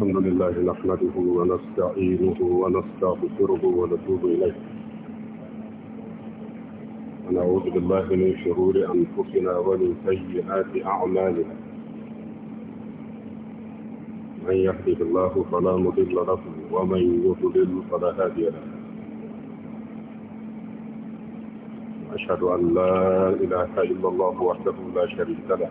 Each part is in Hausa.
الحمد لله نحمده ونستعينه ونستغفره ونتوب إليه ونعوذ بالله من شرور أنفسنا ومن سيئات أعمالنا من يهده الله فلا مضل له ومن يضلل فلا هادي له أشهد أن لا إله إلا الله وحده لا شريك له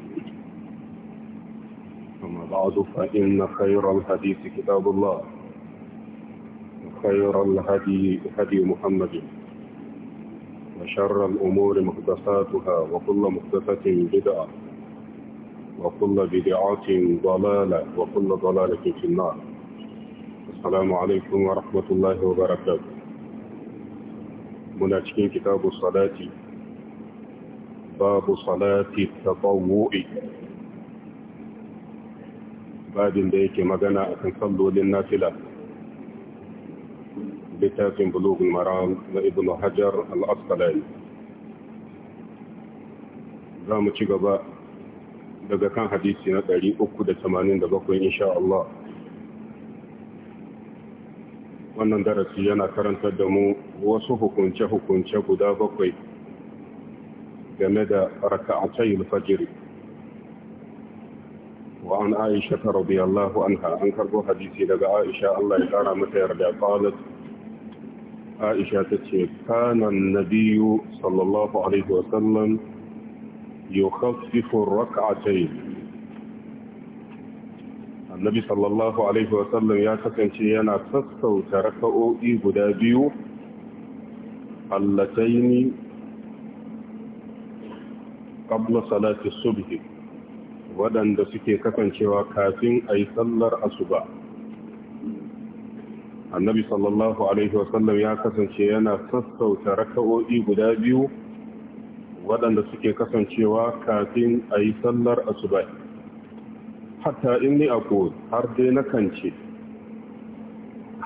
بعد فإن خير الحديث كتاب الله خير الهدي هدي محمد وشر الأمور محدثاتها وكل محدثة بدعة وكل بدعة ضلالة وكل ضلالة في النار السلام عليكم ورحمة الله وبركاته مناتين كتاب الصلاة باب صلاة التطوع babin da yake magana a kan sallolin nafila littafin bulugun maram na ibn hajar al'asqalani za mu ci gaba daga kan hadisi na 387 insha Allah wannan darasi yana karantar da mu wasu hukunce-hukunce guda bakwai game da raka'atai fajiri وعن عائشة رضي الله عنها أنكر بو حديثي لقى عائشة الله يتعالى متير قالت عائشة تتشي كان النبي صلى الله عليه وسلم يخفف الركعتين النبي صلى الله عليه وسلم يا كسنشي أنا تستوت ركعوئي قدابيو اللتين قبل صلاة الصبح waɗanda suke kasancewa kafin a yi sallar asuba annabi sallallahu alaihi wasallam ya kasance yana sassauta raka'o'i guda biyu waɗanda suke kasancewa kafin a yi sallar asuba hatta in ni aqul har dai na kance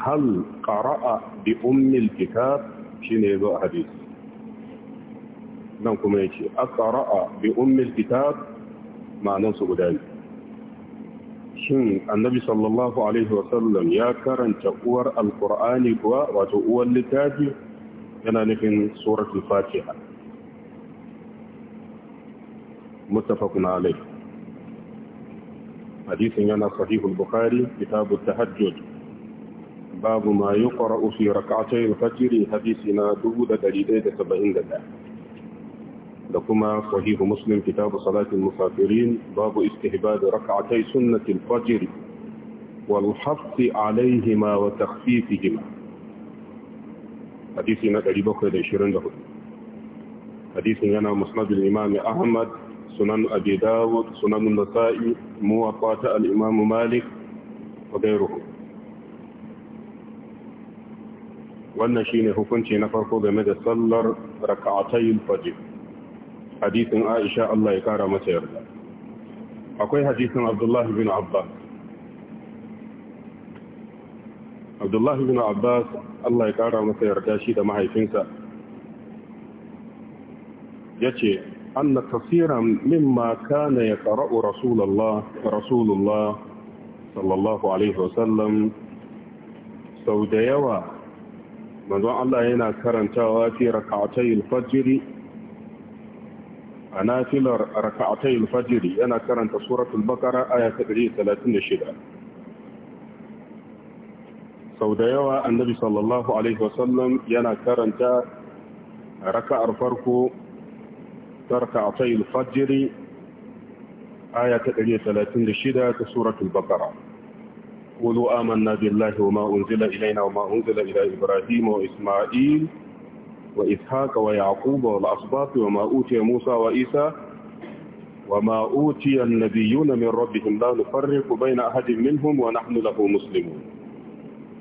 hal ƙara'a bi ummil kitab shine yazo a hadisi nan kuma ya ce yace ƙara'a bi ummil kitab ma'anansu guda ne shin annabi sallallahu alaihi wasallam ya karanta uwar alkur'ani kuwa wato uwar littafi yana nufin suratul fatiha muttafaqun alayh hadisin yana sahihul bukhari kitabut tahajjud babu ma yuqra'u fi rak'atay al-fajr hadisina 1171 da kuma sahihu muslim kitabu salatin musafirin babu istihbab rak'atay sunnatil fajr wal hafz alaihima wa takhfifihima hadisi na 724 hadisin yana musnad al-imam ahmad sunan abi dawud sunan an-nasa'i muwaffat al-imam malik wa ghayruhu wannan shine hukunci na farko game da sallar rak'atay al-fajr hadisin Aisha Allah ya kara mata yarda akwai hadisin Abdullah bin Abbas Abdullah bin Abbas Allah ya kara masa yarda shi da mahaifinsa yace anna kaseeran mimma kana yaqra'u rasulullah rasulullah sallallahu alaihi wasallam sau da yawa manzon Allah yana karantawa fi rak'atayil fajr a nafilar raka'atayil fajiri yana karanta suratul bakara aya ta 136 sau da yawa annabi sallallahu alaihi wasallam yana karanta raka'ar farko ta raka'atayil fajiri aya ta 136 ta suratul bakara قولوا آمنا بالله وما أنزل إلينا وما أنزل إلى إبراهيم وإسماعيل وإسحاق ويعقوب والأصباط وما أوتي موسى وإيسى وما أوتي النبيون من ربهم لا نفرق بين أحد منهم ونحن له مسلمون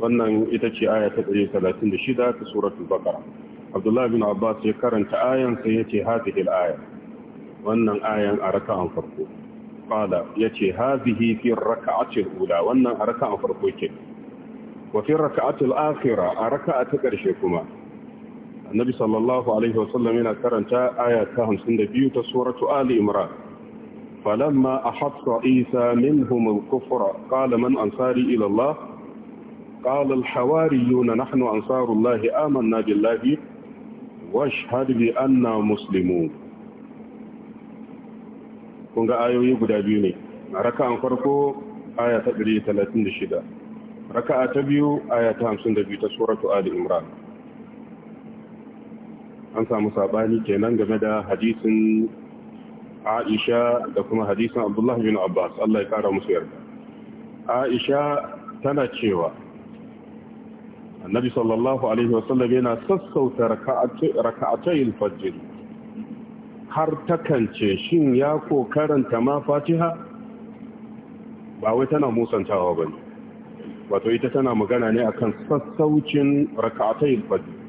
wannan ita ce aya ta 136 ta suratul baqara Abdullah bin Abbas ya karanta ayan sai yace hadhihi al-aya wannan ayan a raka'an farko qala yace hadhihi fi raka'ati al-ula wannan a raka'an farko ke wa fi raka'ati al-akhirah a raka'a ta karshe kuma annabi sallallahu alaihi wasallam yana karanta aya ta biyu ta suratu ali imran falamma ahassa isa minhum al-kufra qala man ansari ila allah qala al-hawariyuna nahnu ansaru allah amanna billahi washhad bi anna muslimun kun ga ayoyi guda biyu ne A raka'an farko aya ta 136 raka'a ta biyu aya ta 52 ta suratu ali imran an samu saɓani kenan game da hadisin aisha da kuma hadisin abdullahi bin abbas Allah ya kara musu yarda aisha tana cewa annabi sallallahu alaihi wasallam yana sassauta raka'atayn fajr har takance shin ya ko karanta ma fatiha ba wai tana musantawa bane wato ita tana magana ne akan sassaucin raka'atayn fajr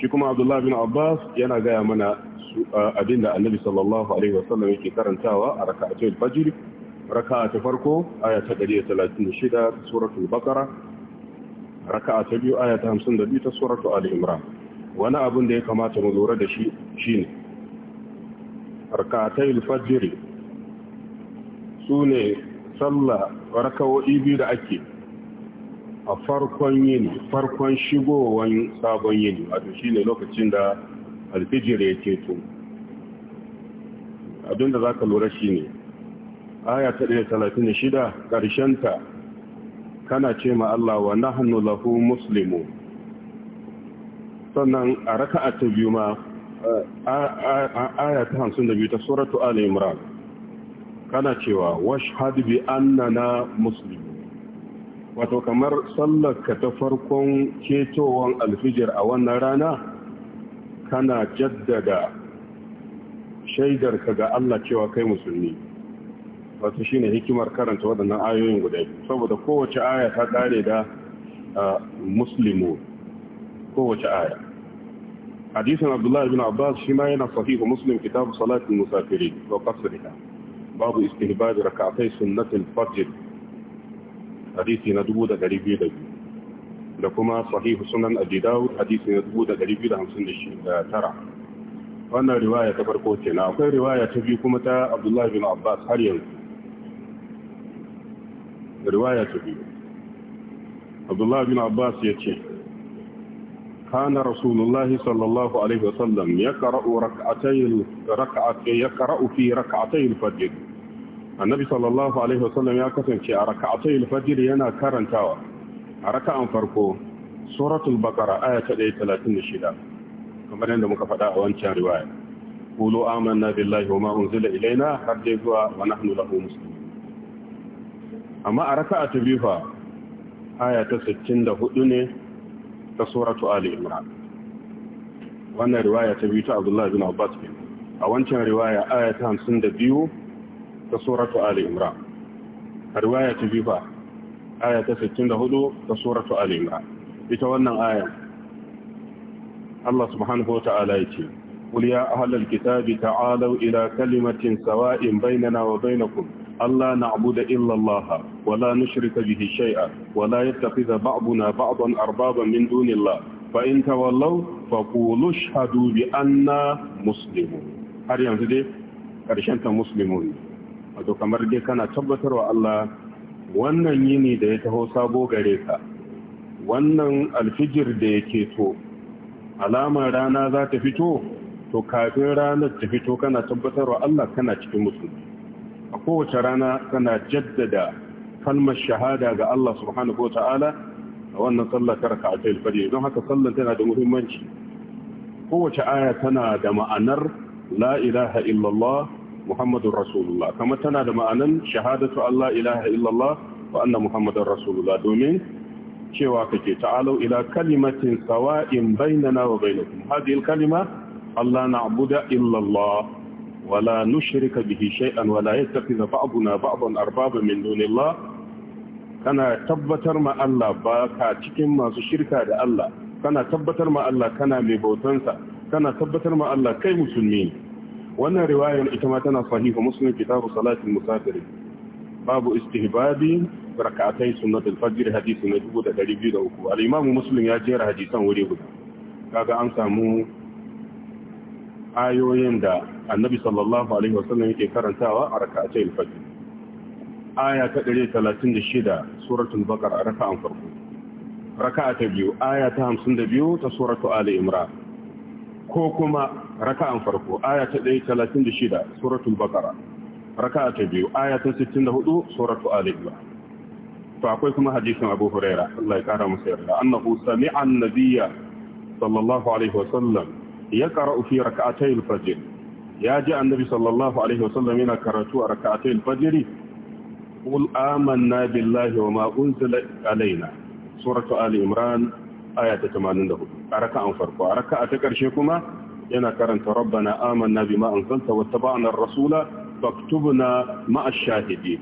shi kuma abdullahi bin abbas yana gaya mana abinda annabi sallallahu alaihi wasallam yake karantawa a raka'atul fajr raka'a ta farko aya ta 136 suratul baqara raka'a ta biyu aya ta 52 ta suratul ali imran wani abin da ya kamata mu lura da shi shine raka'atul fajr sune sallah raka'o'i biyu da ake a farkon yini farkon shigowar sabon yini wato shi ne lokacin da alfijir ya keto abinda za ka lura shi ne aya ta ɗaya talatin da shida ƙarshenta kana ce ma Allah wa nahnu lahu muslimu sannan a a ta biyu ma aya ta hamsin da biyu ta suratu ala Imran kana cewa hadu bi annana muslimu wato kamar sallar ka ta farkon ketowar alfijir a wannan rana kana jaddada shaidarka ga Allah cewa kai musulmi wato shine hikimar karanta waɗannan ayoyin guda saboda kowace aya ta ƙare da muslimu kowace aya hadisin abdullahi bin abbas shi ma yana sahihu muslim kitabu salatin musafiri wa qasriha babu istihbab rak'atay sunnatul fajr hadisi na 2202 da kuma sahihu sunan abi hadisi na 2259 wannan riwaya ta farko ce na akwai riwaya ta biyu kuma ta abdullahi bin abbas har yanzu riwaya ta biyu abdullahi bin abbas ya ce كان رسول الله صلى الله عليه وسلم يقرأ ركعتي ركعتي يقرأ في ركعتي الفجر annabi sallallahu alaihi wasallam ya kasance a raka'atai al-fajr yana karantawa a raka'an farko suratul Bakara aya ta 136 kamar yadda muka faɗa a wancan riwaya qulu amanna billahi wama unzila ilaina har dai zuwa wa nahnu lahu muslimun amma a raka'a ta biyu fa aya ta 64 ne ta suratu ali imran wannan riwaya ta biyu ta abdullahi bin abbas a wancan riwaya aya ta 52 ta suratu Ali Imran. A riwaya ta biyu ba, aya ta 64 ta suratu Ali Imran. Ita wannan aya, Allah subhanahu wa ta'ala ya ce, Kul ya ahalar kitabi ta'alau ila kalimatin sawa'in bainana wa bainakum. Allah Na'buda da illallaha, wala nushrika bihi shay'a, wala yattafi da ba'buna ba'ban arbaban min dunillah. Fa in tawallaw fa qulu shahadu bi anna muslimun. Har yanzu dai karshen ta muslimun wato kamar dai kana tabbatarwa Allah wannan yini da ya taho sabo gare ka wannan alfijir da ya keto alamar rana za ta fito to kafin ranar ta fito kana tabbatarwa Allah kana cikin musulmi a kowace rana kana jaddada kalmar shahada ga Allah subhanahu wa ta'ala a wannan sallar karka a tsayin fari don haka sallar tana da muhimmanci kowace aya tana da ma'anar la ilaha illallah muhammadun rasulullah kamar tana da ma'anan shahadatu Allah ilaha illallah wa anna muhammadun rasulullah domin cewa kake ta'alau ila kalimatin sawa'in bainana wa bainakum hadhihi kalima Allah na'budu illallah wa la nushrika bihi shay'an wa la yattakhidha ba'duna ba'dan arbaba min dunillah kana tabbatar ma Allah ba ka cikin masu shirka da Allah kana tabbatar ma Allah kana mai bautansa kana tabbatar ma Allah kai musulmi ne wannan riwayar ita ma tana sahihu muslim kitabu salatin musafir babu istihbabi rakatai sunnatul fajr hadisi na 2203 al-imam muslim ya jera hadisan wuri guda kaga an samu ayoyin da annabi sallallahu alaihi wasallam yake karantawa a rakatai al-fajr aya ta 136 suratul baqara raka'an farko raka'a ta biyu aya ta 52 ta suratul ali imran ko kuma raka'an farko aya ta 136 suratul baqara raka'a ta biyu aya ta 64 suratul ali imran to akwai kuma hadisin abu huraira Allah ya kara masa yarda annahu sami'a an sallallahu alaihi wa sallam yaqra'u fi rak'atay al-fajr ya ji annabi sallallahu alaihi wa sallam yana karatu a rak'atay al-fajr qul amanna billahi wa ma unzila alaina suratu ali imran aya ta 84 a raka'an farko a raka'a ta karshe kuma yana karanta rabbana amanna bima anzalta wattaba'na ar-rasula faktubna ma'a ash-shahidin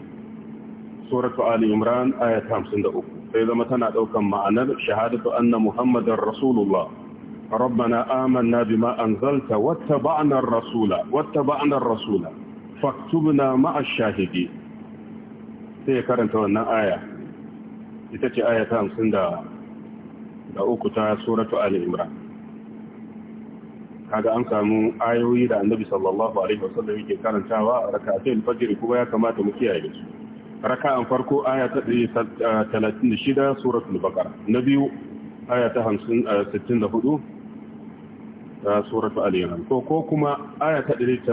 suratu ali imran ayat 53 sai zama tana daukan ma'anar shahadatu anna muhammadar rasulullah ربنا آمنا بما أنزلت واتبعنا الرسول واتبعنا الرسول فاكتبنا مع الشاهدين sai ya karanta wannan aya ita ce aya da uku ta suratu ali imran kaga an samu ayoyi da annabi sallallahu alaihi wasallam yake karantawa a raka'atul fajr kuma ya kamata mu kiyaye su raka'an farko aya ta 36 suratul baqara na biyu aya ta 64 eh, suratul ta imran ko ko kuma aya ta 36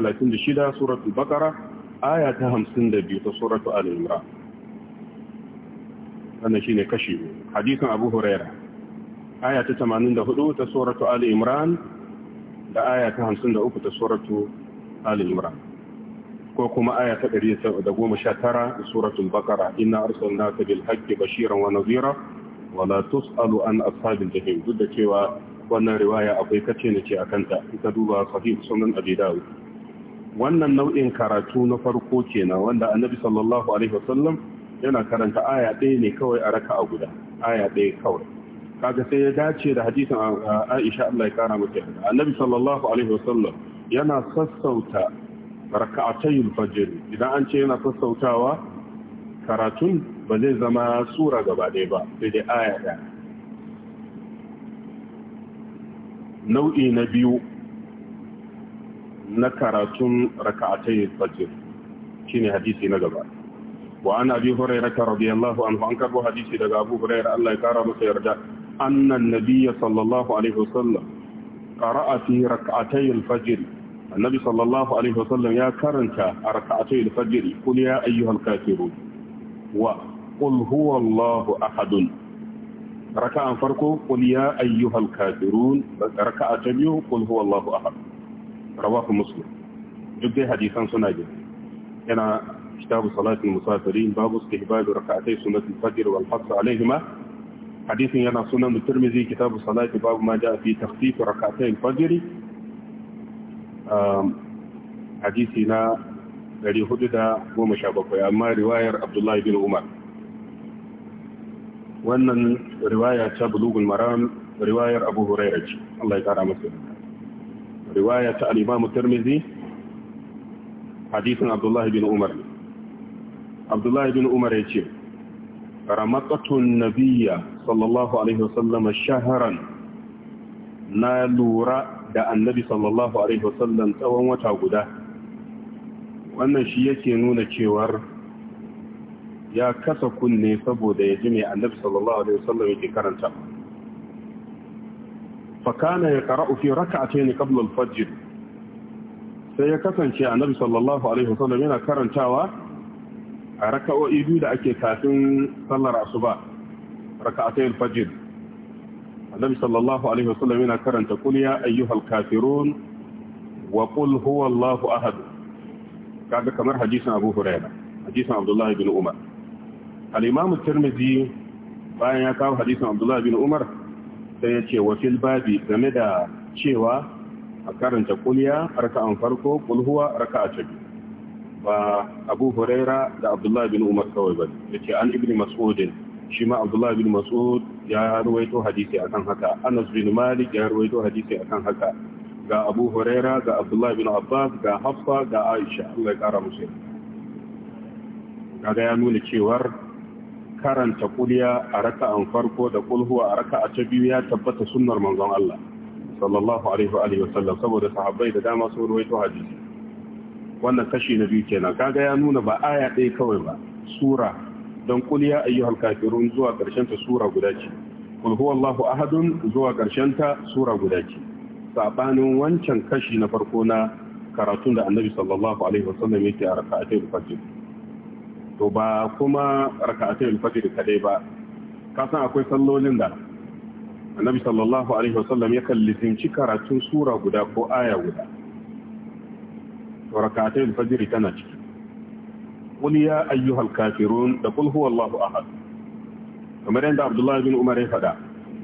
suratul Bakara aya ta 52 ta suratul ali imran wannan shine kashi hadisin abu hurairah aya ta 84 ta suratul ali imran da aya ta hamsin da uku ta suratu al-imran ko kuma aya ta ɗari da goma sha tara da bakara inna arsalna ka bil haqqi bashiran wa nazira wa la tus'alu an ashabil jahim duk da cewa wannan riwaya akwai kace ne ce akan ta ita duba sahih sunan abi wannan nau'in karatu na farko kenan wanda annabi sallallahu alaihi wasallam yana karanta aya ɗaya ne kawai a raka a guda aya ɗaya kawai kaga sai ya dace da hadisin Aisha Allah ya kara mata yarda Annabi sallallahu alaihi wasallam yana sassauta raka'atayil fajr idan an ce yana sassautawa karatun ba zai zama sura gaba ɗaya ba sai dai aya ɗaya nau'i na biyu na karatun raka'atayil fajr shine hadisi na gaba وعن أبي هريرة رضي الله عنه أنكر حديثي لك Allah ya kara يكرمه yarda. annan nabiyya sallallahu alaihi wasallam qara'a fi rak'atay al-fajr annabi sallallahu alaihi wasallam ya karanta a rak'atay al-fajr qul ya ayyuhal kafirun wa qul huwallahu ahadun raka'an farko qul ya ayyuhal kafirun raka'a ta biyu qul huwallahu ahad rawahu muslim duk dai hadisan suna jin yana kitabu salatul musafirin babu istihbab rak'atay sunnatul fajr wal hadd alaihima hadisin yana sunan turmizi kitabu salati babu ma ja fi takhfif rak'atay al-fajr um, hadisi na 417 amma riwayar Abdullahi bin Umar wannan riwaya ta bulugul maram riwayar Abu Hurairah ce Allah ya kara masa riwaya ta al-Imam Turmizi. hadisin Abdullahi bin Umar Abdullahi bin Umar ya ce ramatun nabiya sallallahu alaihi wasallam shaharan na lura da annabi sallallahu alaihi wasallam tsawon wata guda wannan shi yake nuna cewar ya kasa kunne saboda ya ji mai annabi sallallahu alaihi wasallam yake karanta fakana ya qara'u fi rak'atayn qabla al-fajr sai ya kasance annabi sallallahu alaihi wasallam yana karantawa a raka'o'i biyu da ake kafin sallar asuba raka'atayil fajr annabi sallallahu alaihi wasallam yana karanta kul ya ayyuhal kafirun wa qul huwallahu ahad kaga kamar hadisin Abu Hurairah hadisin Abdullah ibn Umar al-Imam at-Tirmidhi bayan ya kawo hadisin Abdullah ibn Umar sai ya ce wa fil babi game da cewa a karanta kuliya raka'an farko kul huwa raka'a ta biyu ba abu huraira da abdullahi bin umar kawai ba da ce an ibn mas'udin shi ma abdullahi bin mas'ud ya ruwaito hadisi akan haka anas bin malik ya ruwaito hadisi akan haka ga abu huraira ga abdullahi bin abbas ga haffa ga aisha allah ya kara musu kaga ya nuna cewar karanta kuliya a an farko da kulhuwa a raka'a ta biyu ya tabbata sunnar manzon allah sallallahu alaihi wa sallam saboda sahabbai da dama sun ruwaito hadisi wannan kashi na biyu kenan kaga ya nuna ba aya ɗaya kawai ba sura don kul ya ayyuhal kafirun zuwa ƙarshen ta sura guda ce kul Allahu ahadun zuwa ƙarshen ta sura guda ce sabanin wancan kashi na farko na karatun da annabi sallallahu alaihi wasallam yake a raka'atul fajr to ba kuma raka'atul fajr kadai ba ka san akwai sallolin da annabi sallallahu alaihi wasallam ya kalli karatun sura guda ko aya guda wa Fajiri tana ciki qul ya ayyuhal kafirun da qul wallahu ahad kamar yadda Abdullahi bin Umar ya faɗa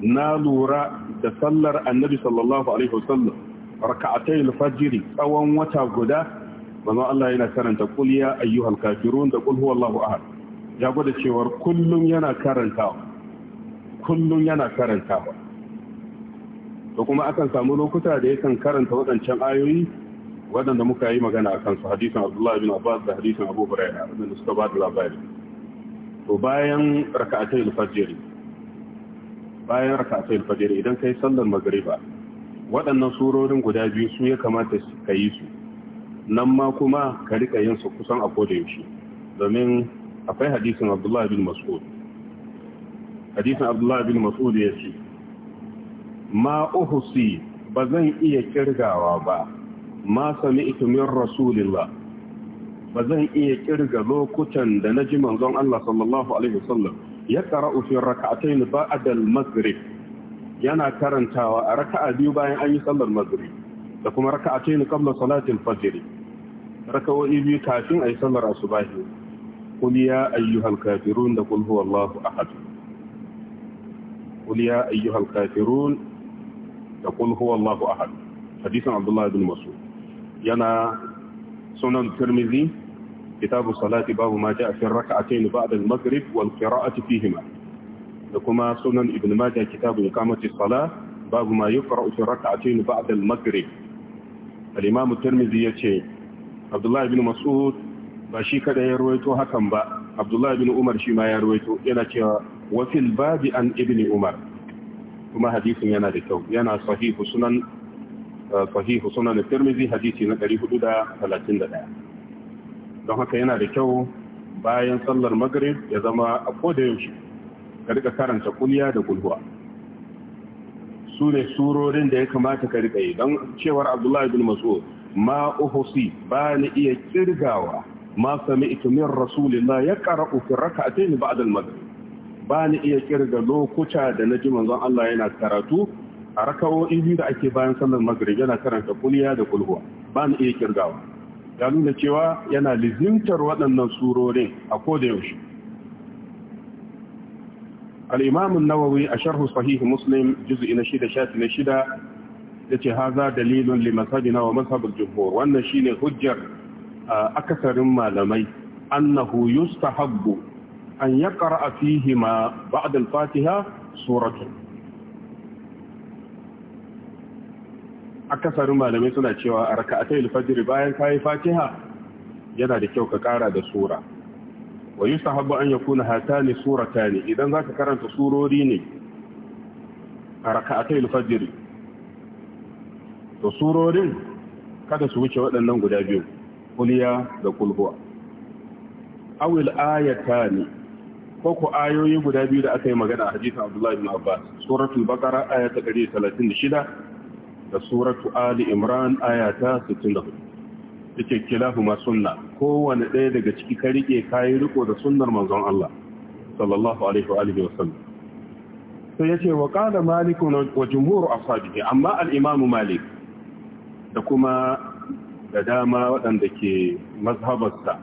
na lura da sallar Annabi sallallahu alaihi wasallam rak'atayil Fajiri tsawon wata guda manzo Allah yana karanta qul ayyuhal kafirun da qul wallahu ahad ya gwada cewar kullum yana karantawa kullum yana karantawa to kuma akan samu lokuta da yakan karanta waɗancan ayoyi waɗanda muka yi magana a kansu hadisan abdullahi bin abbas da hadisan abu huraira da suka ba da labari to bayan raka'atai alfajiri bayan raka'atai alfajiri idan kai sallar magriba waɗannan surorin guda biyu su ya kamata ka yi su nan ma kuma ka rika yin su kusan a koda yaushe domin akwai hadisin abdullahi bin mas'ud hadisin abdullahi bin mas'ud ya ce ma uhusi ba zan iya kirgawa ba ma sami min rasulillah ba zan iya kirga lokutan da na ji manzon Allah sallallahu alaihi wasallam ya qara'u fi rak'atayn ba'da al-maghrib yana karantawa a raka'a biyu bayan an yi sallar maghrib da kuma raka'atayn qabla salati al-fajr raka'o'i biyu kafin ayi sallar asubahi qul ya ayyuhal kafirun da qul huwallahu ahad قل يا أيها الكافرون تقول هو الله أحد حديث عبد الله بن yana sunan tirmizi kitabu salati babu ma ja'a fi rak'atayn ba'da al-maghrib wal qira'ati fihima da kuma sunan ibn majah kitabu iqamati salah babu ma yuqra'u fi rak'atayn ba'da al-maghrib al-imam tirmizi yace abdullahi ibn mas'ud ba shi kada ya ruwaito hakan ba abdullahi ibn umar shi ma ya ruwaito yana cewa wa fil babi an ibn umar kuma hadisin yana da kyau yana sahihu sunan sahihu sunan tirmizi hadisi na 431 don haka yana da kyau bayan sallar maghrib ya zama a koda yaushe ka rika karanta kulya da gulhuwa su ne surorin da ya kamata ka rika yi don cewar abdullahi bin mas'ud ma uhusi ba ni iya kirgawa ma sami itumin rasulillah ya kara ufin raka a taini al-maghrib ba ni iya kirga lokuta da na ji manzon Allah yana karatu a raka'o'i biyu da ake bayan sallar maghrib yana karanta kuliya da kulhuwa ba ni iya kirgawa ya nuna cewa yana lizimtar waɗannan surorin a koda yaushe al nawawi a sharhu sahih muslim juz'i na shida shafi na shida yace haza dalilun li na wa mazhab al Wannan wannan shine hujjar akasarin malamai annahu yustahabbu an yaqra fihi ma ba'da fatiha suratun akasarin malamai suna cewa a raka'atai alfajr bayan kayi fatiha yana da kyau ka kara da sura wa yusahabu an yakuna hatani suratani idan zaka karanta surori ne a raka'atai alfajr to surorin kada su wuce waɗannan guda biyu kuliya da kulhuwa awil ayatani ko ku ayoyi guda biyu da aka yi magana a hadisin Abdullahi ibn Abbas suratul baqara aya ta 136 da suratu ali imran ayata ta 64 yake kilahuma sunna kowanne ɗaya daga ciki ka rike kayi riko da sunnar manzon Allah sallallahu alaihi wa alihi wasallam sai yace wa qala malik wa jumhur ashabihi amma al-imam malik da kuma da dama waɗanda ke mazhabarsa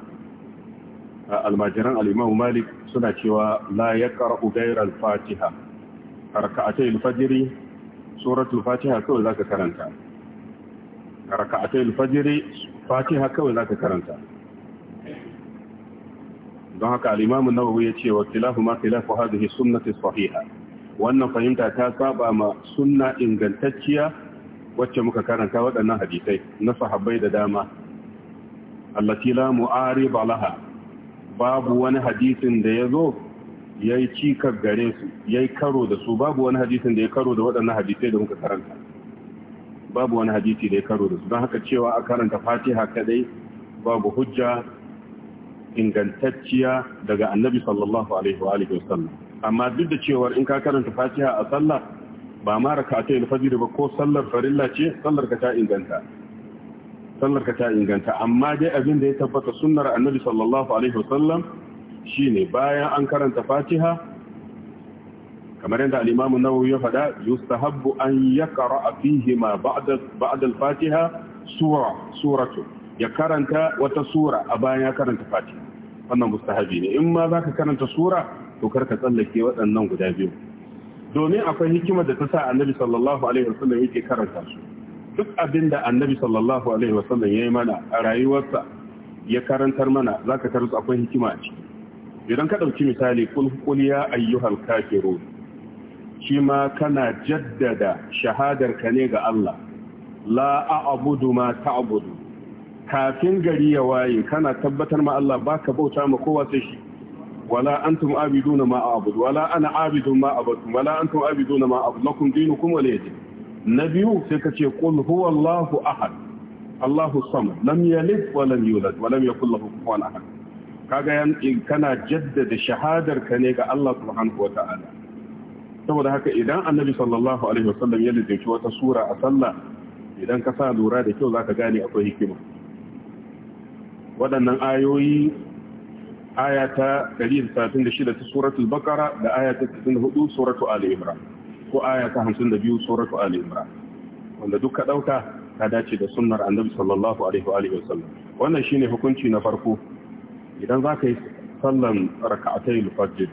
almajiran al-imam malik suna cewa la yaqra'u ghayra al-fatiha raka'atay al-fajr suratul fatiha kawai ka karanta raka'atul fajr fatiha kawai ka karanta don haka al-imam ya nawawi yace wa khilafu ma khilafu hadhihi sunnati sahiha wannan fahimta ta saba ma sunna ingantacciya wacce muka karanta waɗannan hadisai na sahabbai da dama allati la mu'arib laha babu wani hadisin da yazo ya yi cikar gare su ya yi karo da su babu wani hadisin da ya karo da waɗannan hadisai da muka karanta babu wani hadisi da ya karo da su don haka cewa a karanta fatiha kadai babu hujja ingantacciya daga annabi sallallahu alaihi wa alihi wasallam amma duk da cewa in ka karanta fatiha a sallah ba ma raka'atayil fajr ba ko sallar farilla ce sallar ka ta inganta sallar ka ta inganta amma dai abin da ya tabbata sunnar annabi sallallahu alaihi wasallam Shi ne bayan an karanta fatiha kamar yadda al-imamu nawawi ya faɗa yustahabbu an ya fihi ma ba'da ba'da al-fatiha sura suratu ya karanta wata sura a bayan ya karanta fatiha wannan mustahabi ne in ma za ka karanta sura to karka tsallake waɗannan guda biyu domin akwai hikimar da ta sa annabi sallallahu alaihi wasallam yake karanta su duk abin da annabi sallallahu alaihi wasallam ya yi mana a rayuwarsa ya karantar mana za ka karanta akwai hikima a ciki idan ka ɗauki misali kul ya ayyuhal kafirun shi ma kana jaddada shahadarka ne ga Allah la a'budu ma ta'budu kafin gari ya waye kana tabbatar ma Allah baka bauta ma kowa sai shi wala antum abiduna ma a'budu wala ana abidu ma abadtum wala antum abiduna ma a'budu lakum dinukum wa liyadin nabiyu sai ka ce qul huwallahu ahad Allahu samad lam yalid wa lam yulad wa lam yakul lahu kufuwan ahad kaga in kana jaddada shahadar ka ne ga Allah subhanahu wa ta'ala saboda haka idan annabi sallallahu alaihi wasallam ya lalace wata sura a sallah idan ka sa lura da kyau zaka gane akwai hikima waɗannan ayoyi aya ta 136 ta suratul baqara da aya ta 64 suratul ali imran ko aya ta 52 suratul ali imran wanda duka dauka ta dace da sunnar annabi sallallahu alaihi wa sallam. wasallam wannan shine hukunci na farko idan za ka yi sallan raka'atai lufajjir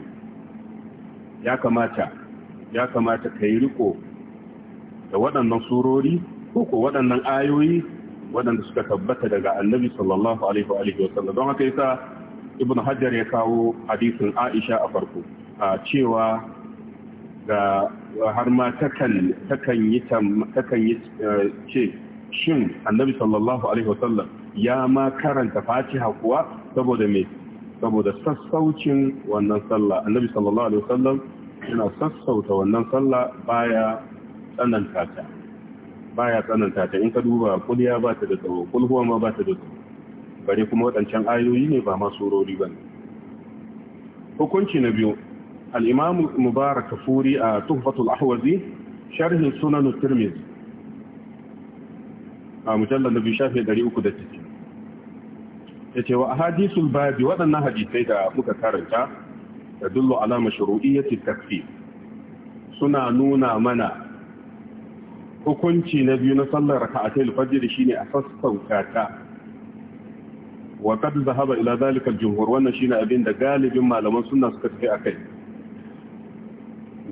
ya kamata ya kamata ka yi riko da waɗannan surori ko ko waɗannan ayoyi waɗanda suka tabbata daga annabi sallallahu alaihi wa alihi don haka yasa ibnu hajjar ya kawo hadisin aisha a farko a cewa ga har ma takan takan yi eh, ce shin annabi sallallahu alaihi wasallam ya ma karanta fatiha kuwa saboda me saboda sassaucin wannan sallah annabi sallallahu alaihi wasallam yana sassauta wannan sallah baya tsananta ta baya tsananta ta in ka duba kulliya ba ta da tsawo kulhuwa ma ba ta da tsawo bare kuma waɗancan ayoyi ne ba ma surori ba ne hukunci na biyu al'imamu mubarak furi a tuhfatul ahwazi sharhin sunan turmiz a mujallar na biyu shafi 390 yace wa ahadisul babi waɗannan hadisai da muka karanta da tadullu ala mashru'iyyati takfir suna nuna mana hukunci na biyu na sallar raka'atul fajr shine a sassauka ta wa qad zahaba ila zalika al-jumhur wannan shine abin da galibin malaman sunna suka tafi akai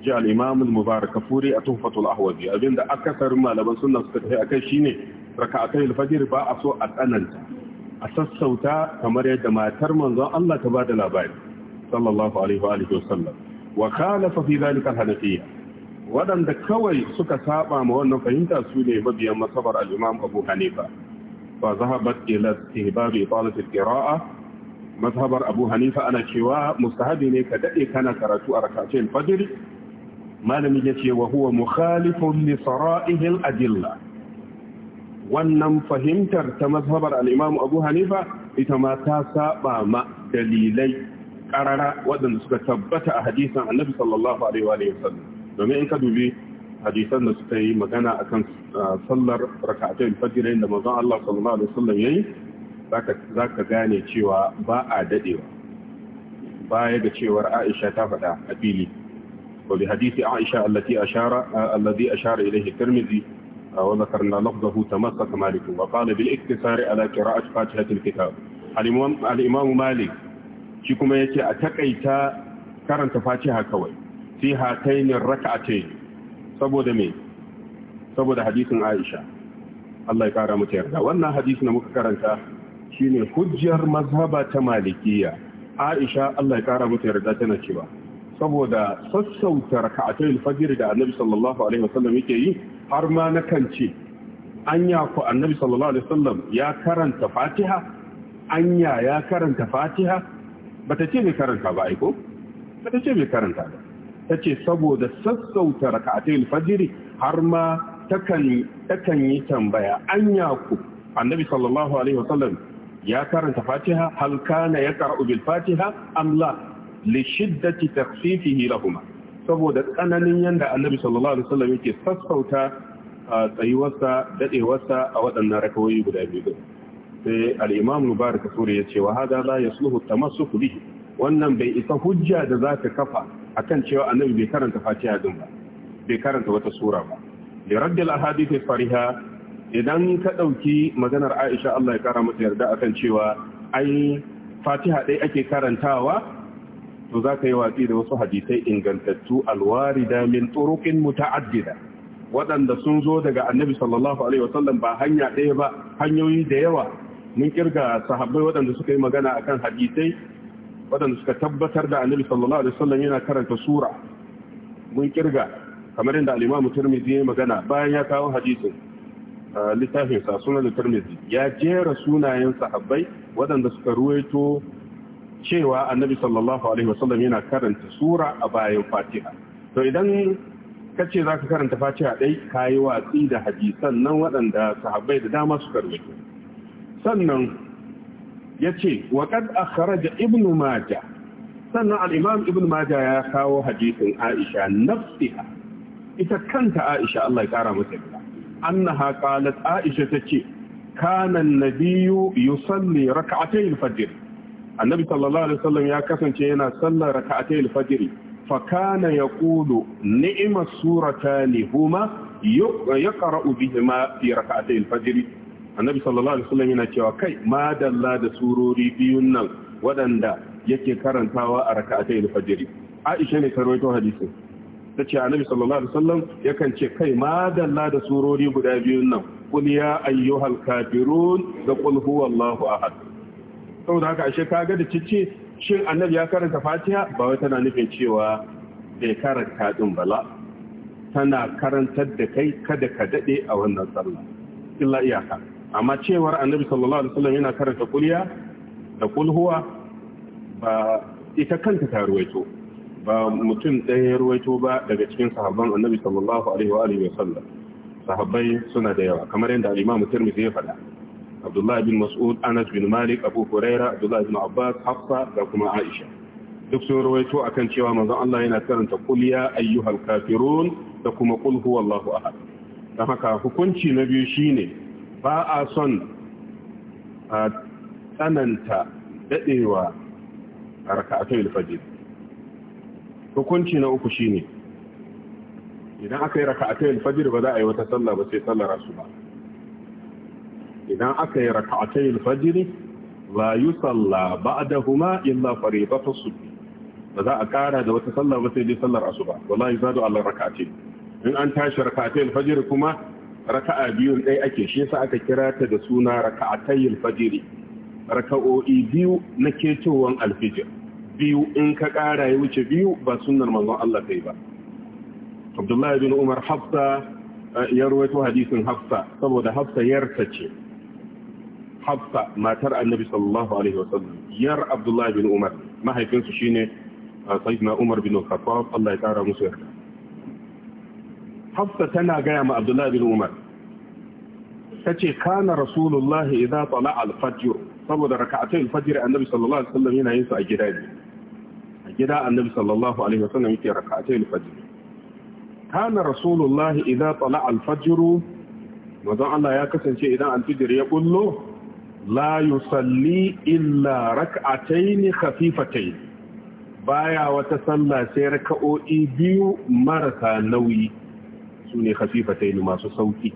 ji al-imam al-mubarak furi a tuhfatul ahwazi abin da akasarin malaman sunna suka tafi akai shine raka'atul fajr ba a so a tsananta a sassauta kamar yadda matar manzon Allah ta bada labari sallallahu alaihi wa alihi wasallam wa khalafa fi zalika al-hanafiyya wadanda kawai suka saba ma wannan fahimta su ne mabiyan masabar al-imam Abu Hanifa fa zahabat ila istihbab italat al-qira'a mazhabar Abu Hanifa ana cewa mustahabi ne ka dade kana karatu a rak'atayn fajr malami yace wa huwa mukhalifun li sara'ihil adillah wannan fahimtar ta mazhabar al'imamu abu hanifa ita ma ta saba ma dalilai ƙarara waɗanda suka tabbata a hadisan annabi sallallahu alaihi wa sallam domin in ka dubi hadisan da suka yi magana akan sallar raka'atain fajirin da manzon Allah sallallahu alaihi ya yi, zaka ka gane cewa ba a dadewa baya ga cewar Aisha ta faɗa a fili Wani hadisi Aisha allati ashara alladhi ashara ilayhi Tirmidhi وذكرنا لفظه تمسك مالك وقال بالاقتصار على قراءة فاتحة الكتاب الإمام, الإمام مالك شكما يتي أتقيتا كرنت فاتحة كوي في هاتين الركعتين سبو دمي سبو دا حديث عائشة الله يكارا متيردا وانا حديثنا مكرنتا شيني حجر مذهبة مالكية عائشة الله يكارا متيردا تنشيوا saboda sassauta raka'atul fajr da annabi sallallahu alaihi wasallam yake yi har ma na kan ce anya ku annabi sallallahu alaihi wasallam ya karanta fatiha anya ya karanta fatiha bata ce bai karanta ba aiko bata ce bai karanta ba ta ce saboda sassauta raka'atul fajiri har ma takan takan yi tambaya anya ku annabi sallallahu alaihi wasallam ya karanta fatiha hal kana yaqra'u bil fatiha am la li shiddati takhfifihi lahumma saboda tsananin yanda annabi sallallahu alaihi wasallam yake sassauta tsayuwarsa dadewarsa a waɗannan rakawoyi guda biyu sai al-imam mubarak sura yace wa hada la yasluhu tamassuk bihi wannan bai isa hujja da za ta kafa akan cewa annabi bai karanta fatiha din ba bai karanta wata sura ba li raddil ahadith fariha idan ka dauki maganar Aisha Allah ya kara mata yarda akan cewa ai fatiha dai ake karantawa to za ka yi watsi da wasu hadisai ingantattu da min turuqin muta'addida waɗanda sun zo daga annabi sallallahu alaihi wasallam ba hanya ɗaya ba hanyoyi da yawa mun kirga sahabbai waɗanda suka yi magana akan hadisai waɗanda suka tabbatar da annabi sallallahu alaihi wasallam yana karanta sura mun kirga kamar yadda al-Imam Tirmidhi ya magana bayan ya kawo hadisin littafin sa sunan Tirmidhi ya jera sunayen sahabbai waɗanda suka ruwaito cewa annabi sallallahu alaihi wasallam yana karanta sura a bayan fatiha to idan ka ce za ka karanta fatiha ɗai ka yi watsi da hadisan nan waɗanda sahabbai da dama suka rubuta sannan ya ce wa kad akhraja ibnu maja sannan al-imam ibnu Maja ya kawo hadisin aisha nafsiha ita kanta aisha Allah ya kara mata gida annaha qalat aisha tace kana an-nabiyyu yusalli rak'atayn fajr annabi sallallahu alaihi wasallam ya kasance yana sallar raka'atai al-fajr fa kana yaqulu ni'ma suratani huma yaqra'u bihima fi raka'atai al-fajr annabi sallallahu alaihi wasallam yana cewa kai ma da surori biyun nan waɗanda yake karantawa a raka'atai al-fajr Aisha ne karwaito hadisin tace annabi sallallahu alaihi wasallam yakan ce kai ma da surori guda biyun nan qul ya ayyuhal kafirun da qul huwallahu ahad saboda haka ashe ka ga da cice shin annabi ya karanta fatiha ba wai tana nufin cewa bai karanta din bala tana karantar da kai kada ka dade a wannan sallah illa iyaka amma cewar annabi sallallahu alaihi wasallam yana karanta kulya da kulhuwa ba ita kanta ta ruwaito ba mutum ɗaya ya ruwaito ba daga cikin sahabban annabi sallallahu alaihi wa alihi wasallam sahabbai suna da yawa kamar yadda al-imam Tirmidhi ya faɗa abdullahi bin mas'ud anas bin malik abu huraira abdullahi bin abbas hafsa da kuma aisha duk sun rawaito akan cewa manzon Allah yana karanta qul ya ayyuhal kafirun da kuma qul huwallahu ahad dan haka hukunci na biyu shine ba a son a tsananta dadewa a raka'atul fajr hukunci na uku shine idan aka yi raka'atul fajr ba za a yi wata sallah ba sai sallar asuba idan aka yi raka'atai alfajiri la yusalla ba'dahuma illa fariidatu subhi ba za a kara da wata sallah ba sai dai sallar asuba wallahi zadu ala raka'atai in an tashi raka'atai fajiri kuma raka'a biyun ɗaya ake shi yasa aka kira ta da suna raka'atai fajiri. raka'o'i biyu na ketowar alfijir biyu in ka kara ya wuce biyu ba sunnar manzon Allah kai ba Abdullahi bin Umar Hafsa eh, ya ruwaito hadisin Hafsa saboda Hafsa yarta ce hafsa matar annabi sallallahu alaihi wasallam yar abdullahi bin umar mahaifinsu shine uh, sayyidina umar bin khattab Allah ya kara musu yarda hafsa tana gaya ma abdullahi bin umar tace kana rasulullahi idza tala al-fajr saboda raka'atai al-fajr annabi sallallahu alaihi wasallam yana yin su a gida ne a gida annabi sallallahu alaihi wasallam yake raka'atai al-fajr kana rasulullahi idza tala al-fajr manzon Allah ya kasance idan al-fajr ya bullo la yusalli illa raka'ataini khafifatayn baya wata sallah sai raka'o'i biyu marasa nauyi sune khafifatayn masu sauki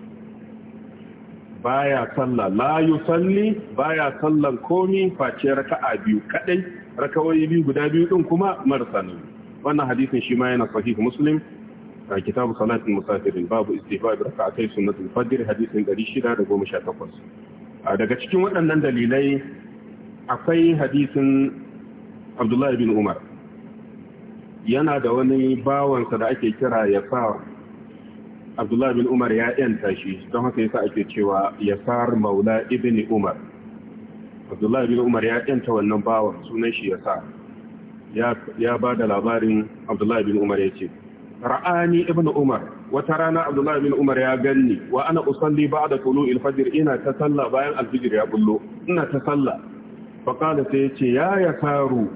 baya sallah la yusalli baya sallan komi face raka'a biyu kadai raka'o'i biyu guda biyu din kuma marasa nauyi wannan hadisin shi ma yana sahih muslim a kitabu salatin musafirin babu istifa bi raka'atay sunnatul fajr hadisin 618 daga cikin waɗannan dalilai akwai hadisin abdullahi bin umar yana da wani bawansa da ake kira ya sa abdullahi bin umar ya yanta shi don haka yasa ake cewa ya sar maula ibn umar abdullahi bin umar ya yanta wannan bawan sunan shi ya sa ya ba da labarin abdullahi bin umar ya ce ra'ani ibn umar wata rana abdullahi bin umar ya ganni wa ana usalli ba'da tulu'il fajr ina ta sallah bayan alfijir ya bullo ina ta sallah fa qala sai yace ya yasaru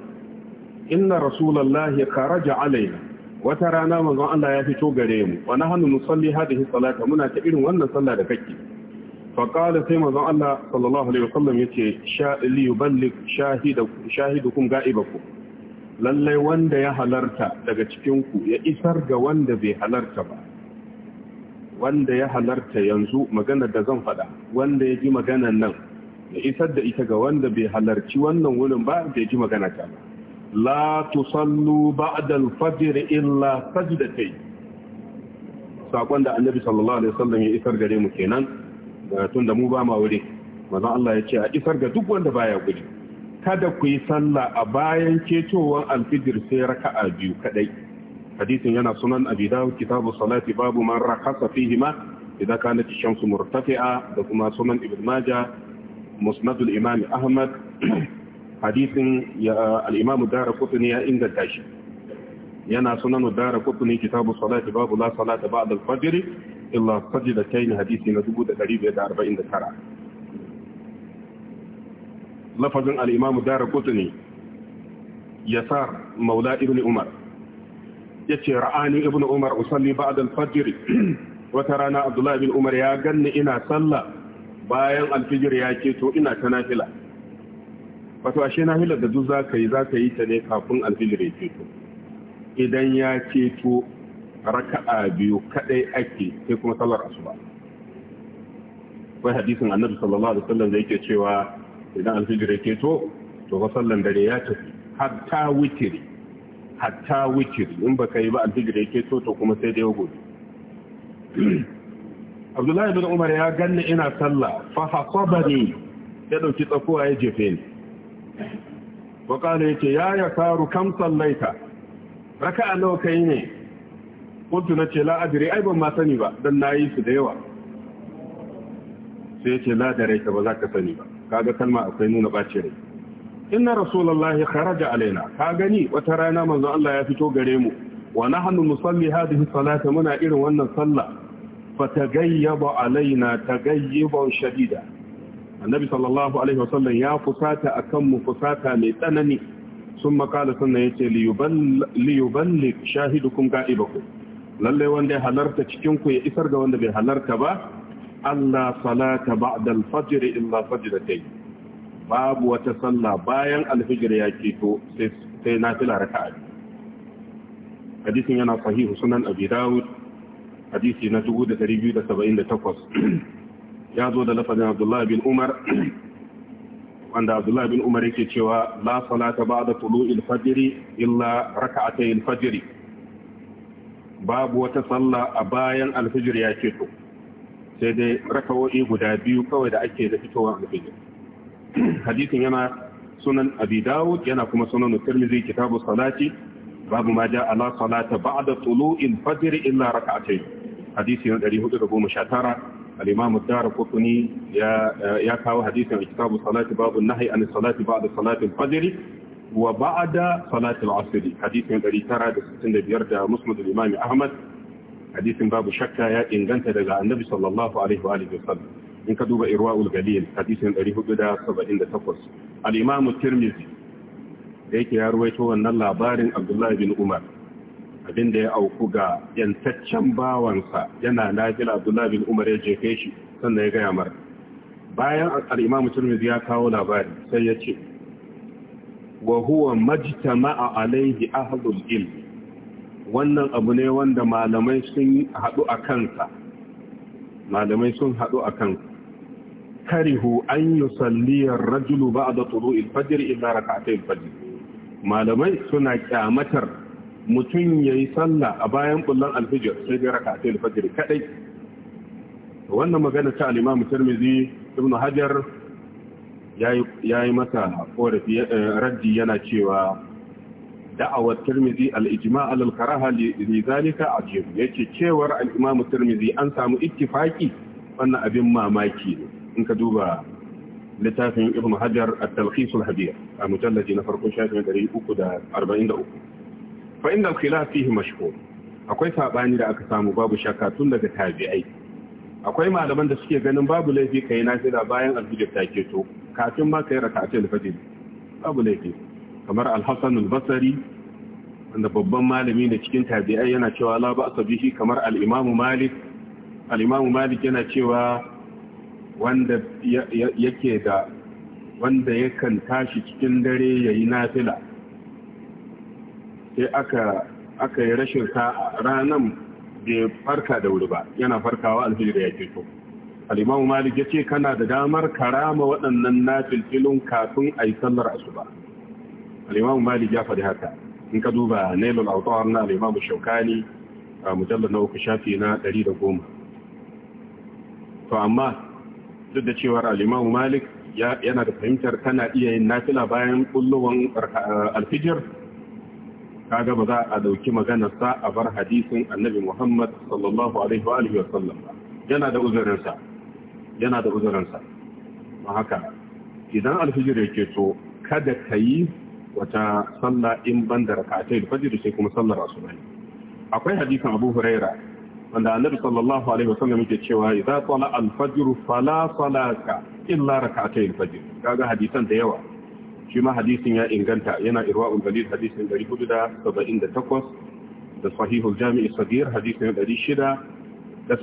inna rasulullahi kharaja alaina wata rana manzon Allah ya fito gare mu wa nahnu nusalli hadhihi salata muna ta irin wannan sallah da kake fa qala sai manzon Allah sallallahu alaihi wasallam yace sha li yuballigh shahidakum shahidukum ga'ibakum lallai wanda ya halarta daga cikinku ya isar ga wanda bai halarta ba wanda ya halarta yanzu magana da zan faɗa wanda ya ji magana nan ya isar da ita ga wanda bai halarci wannan wurin ba da ya ji magana ta la tusallu ba'da al-fajr illa sajdatay sakon da annabi sallallahu alaihi wasallam ya isar gare mu kenan tun da mu ba ma wuri manzo Allah ya ce a isar ga duk wanda baya guri kada ku yi sallah a bayan ketowar alfijir sai raka'a biyu kadai hadisin yana sunan abi dawud kitabu salati babu man rakasa fihi ma idan kanat shamsu murtafi'a da kuma sunan ibn majah musnad al ahmad hadisin al-imam ad-darqutni ya inganta shi yana sunan ad-darqutni kitabu salati babu la salata ba'da al-fajr illa sajdatayn hadisi na 1549 lafazin al'imamu dara kutuni ya sa maula ibn umar yace ra'ani ibnu umar usalli ba'da al-fajr wata rana abdullahi Ibn umar ya ganni ina sallah bayan alfijir ya ce to ina ta nafila wato ashe nafilar da duk zaka yi zaka yi ta ne kafin alfijir ya ce to idan ya ce to raka'a biyu kadai ake sai kuma sallar asuba wai hadisin annabi sallallahu alaihi wasallam da yake cewa idan alfijir ya ce to to fa sallan dare ya tafi hatta witiri hatta wikir in baka yi ba alfijir yake so to kuma sai dai gobe abdullahi bin umar ya ganni ina sallah fa hasabani ya dauki tsakuwa ya jefe ni wa kana yace ya ya faru kam sallaita raka'a nawa kai ne kuntu na ce la'adiri ai ban ma sani ba don na yi su da yawa sai ce la da rai ba za ka sani ba kaga kalma akwai nuna ɓace rai inna rasulullahi kharaja alaina ka gani wata rana manzo Allah ya fito gare mu wa nahnu nusalli hadhihi salata muna irin wannan sallah fatagayyaba alaina tagayyiban shadida annabi sallallahu alaihi wasallam ya fusata akan mu fusata mai tsanani sun makala sannan yace li yuballi shahidukum gaibaku Lallai wanda ya halarta cikin ku ya isar ga wanda bai halarta ba Allah salata ba'da al-fajr illa fajratay babu wata sallah bayan alfijir ya to sai na nafila raka'a hadisin yana sahihu sunan abi dawud hadisi na 2278 ya zo da lafazin abdullahi bin umar wanda abdullahi bin umar yake cewa la salata ba'da tulu'il fajri illa raka a al-fajr babu wata sallah a bayan al-fajr ya ce to sai dai raka'o'i guda biyu kawai da ake da fitowar al-fajr hadisin yana sunan abi dawud yana kuma sunan tirmidhi kitabu salati babu ma ja ala salata ba'da tulu'il fajr illa rak'atayn hadisi na 419 al-imam ad-darqutni ya ya kawo hadisin kitabu salati babu nahyi an salati ba'da salati al-fajr wa ba'da salati al-'asr hadisin 965 da musnad da imam ahmad hadisin babu shakka ya inganta daga annabi sallallahu alaihi wa alihi wasallam in ka duba irwa'ul galil hadisin 478 al-imamu tirmidhi da yake ya ruwaito wannan labarin abdullahi bin umar abinda ya auku ga yantaccen bawansa yana nafila abdullahi bin umar ya jefe shi sannan ya gaya mar bayan al Tirmizi ya kawo labari sai ya ce wa huwa majtama'a alayhi ahlul ilm wannan abu ne wanda malamai sun haɗu a kansa malamai sun haɗu a kansa karihu an yi salliyar rajulu ba'da tulu'il fajr illa rak'atay al-fajr malamai suna kyamatar mutum yayi sallah a bayan kullan al sai da rak'atay al-fajr kadai wannan magana ta al-Imam Tirmidhi Ibn Hajar yayi masa korafi raji yana cewa da'awar tirmizi al-ijma' al-karaha li zalika ajib yace cewar al tirmizi an samu ittifaki wannan abin mamaki ne in ka duba littafin ibn hajar a talqisul hadir a mujallaji na farko shafin 343 fa inna al mashhur akwai sabani da aka samu babu shakka tun daga tabi'ai akwai malaman da suke ganin babu laifi kai nafila bayan al-fajr ta keto kafin ma kai rak'atul fajr babu laifi kamar al-hasan al-basri wanda babban malami da cikin tabi'ai yana cewa la ba'sa bihi kamar al-imam malik al-imam malik yana cewa wanda yake da wanda yakan tashi cikin dare ya yi nafila sai aka yi rashin ranan bai farka da wuri ba yana farkawa alfijir ya to al'imamu malik ya ce kana da damar karama waɗannan nafilfilin kafin a yi sallar asuba al'imamu malik ya faɗi haka in ka duba nailul autawar na al'imamu shaukani a mujallar na uku shafi na 110 to amma duk da cewar alimamu malik yana da fahimtar tana iya yin nafila bayan kullowan alfijir kaga ba za a dauki maganarsa a bar hadisin annabi muhammad sallallahu alaihi wa alihi wasallam yana da uzurinsa yana da uzurinsa ma haka idan alfijir yake to kada ka yi wata sallah in ban da rakatai da fajr sai kuma sallar asuba akwai hadisin abu huraira wanda annabi sallallahu alaihi wasallam yake cewa idza tala al-fajr fala salata illa rak'atay al-fajr kaga hadisan da yawa shi ma hadisin ya inganta yana irwa'ul dalil hadisin 478 da sahihul jami' as-saghir hadisin 678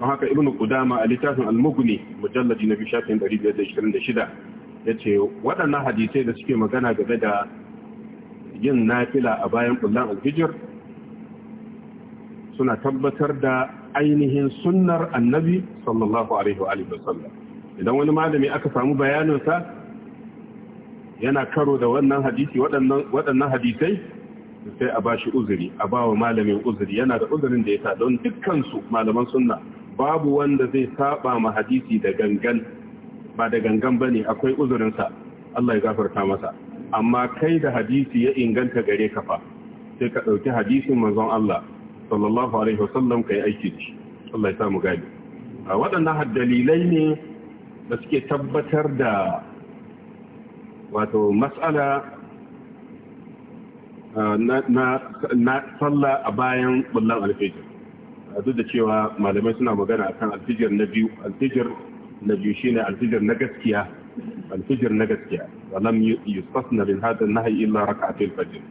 don haka ibnu qudama a littafin al-mughni mujalladi na 1526 yace waɗannan hadisai da suke magana game da yin nafila a bayan kullan al-hijr suna tabbatar da ainihin sunnar annabi sallallahu alaihi wa alihi wasallam idan wani malami aka samu bayaninsa yana karo da wannan hadisi waɗannan hadisai sai a bashi uzuri a bawa malamin uzuri yana da uzurin da ya sa don dukkansu malaman sunna babu wanda zai saba ma hadisi da gangan ba da gangan bane akwai uzurinsa Allah ya gafarta masa amma kai da hadisi ya inganta gare ka fa sai ka ɗauki hadisin manzon Allah sallallahu alaihi wasallam kai aiki da shi Allah ya samu gani a waɗannan haddalilai ne da suke tabbatar da wato mas'ala na sallah a bayan bullan alfijir a duk da cewa malamai suna magana akan alfijir na biyu alfijir na biyu shine alfijir na gaskiya alfijir na gaskiya walam yustasna min hadha an-nahy illa rak'atul fajr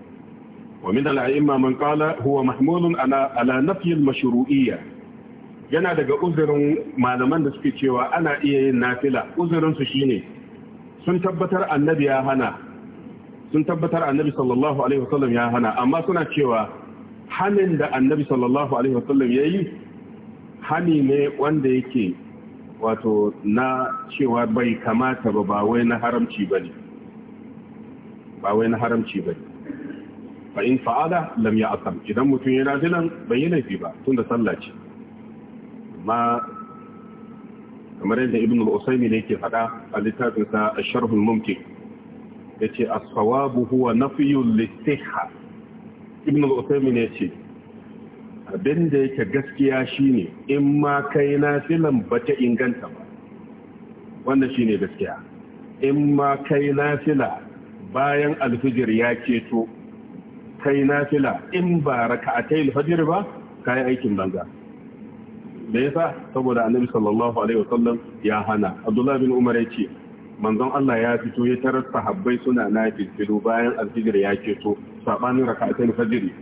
ومن الأئمة من قال هو محمول على على نفي المشروعية yana daga uzurin malaman da suke cewa ana iya yin nafila uzurinsu shine sun tabbatar annabi ya hana sun tabbatar annabi sallallahu alaihi wasallam ya hana amma suna cewa hanin da annabi sallallahu alaihi wasallam ya yi hani ne wanda yake wato na cewa bai kamata ba ba wai na haramci bane ba wai na haramci bane fa’in fa'ada lam ya asam idan mutum ya nafilan bai yi laifi ba tun da sallah ce amma kamar yadda ibn al-usaymi ne yake faɗa a littafin sa ash-sharh al-mumkin yace as-sawabu huwa nafyu lis-sihha ibn al-usaymi ne yace abin da yake gaskiya shine in ma kai filan ba ta inganta ba wannan shine gaskiya in ma kai na fila bayan alfijir ya ceto kai nafila in ba raka'atai al-fajr ba yi aikin banza da yasa saboda annabi sallallahu alaihi wasallam ya hana abdullahi bin umar yace manzon Allah ya fito ya tarar sahabbai suna nafilu bayan al-fajr ya keto sabanin raka'atai al-fajr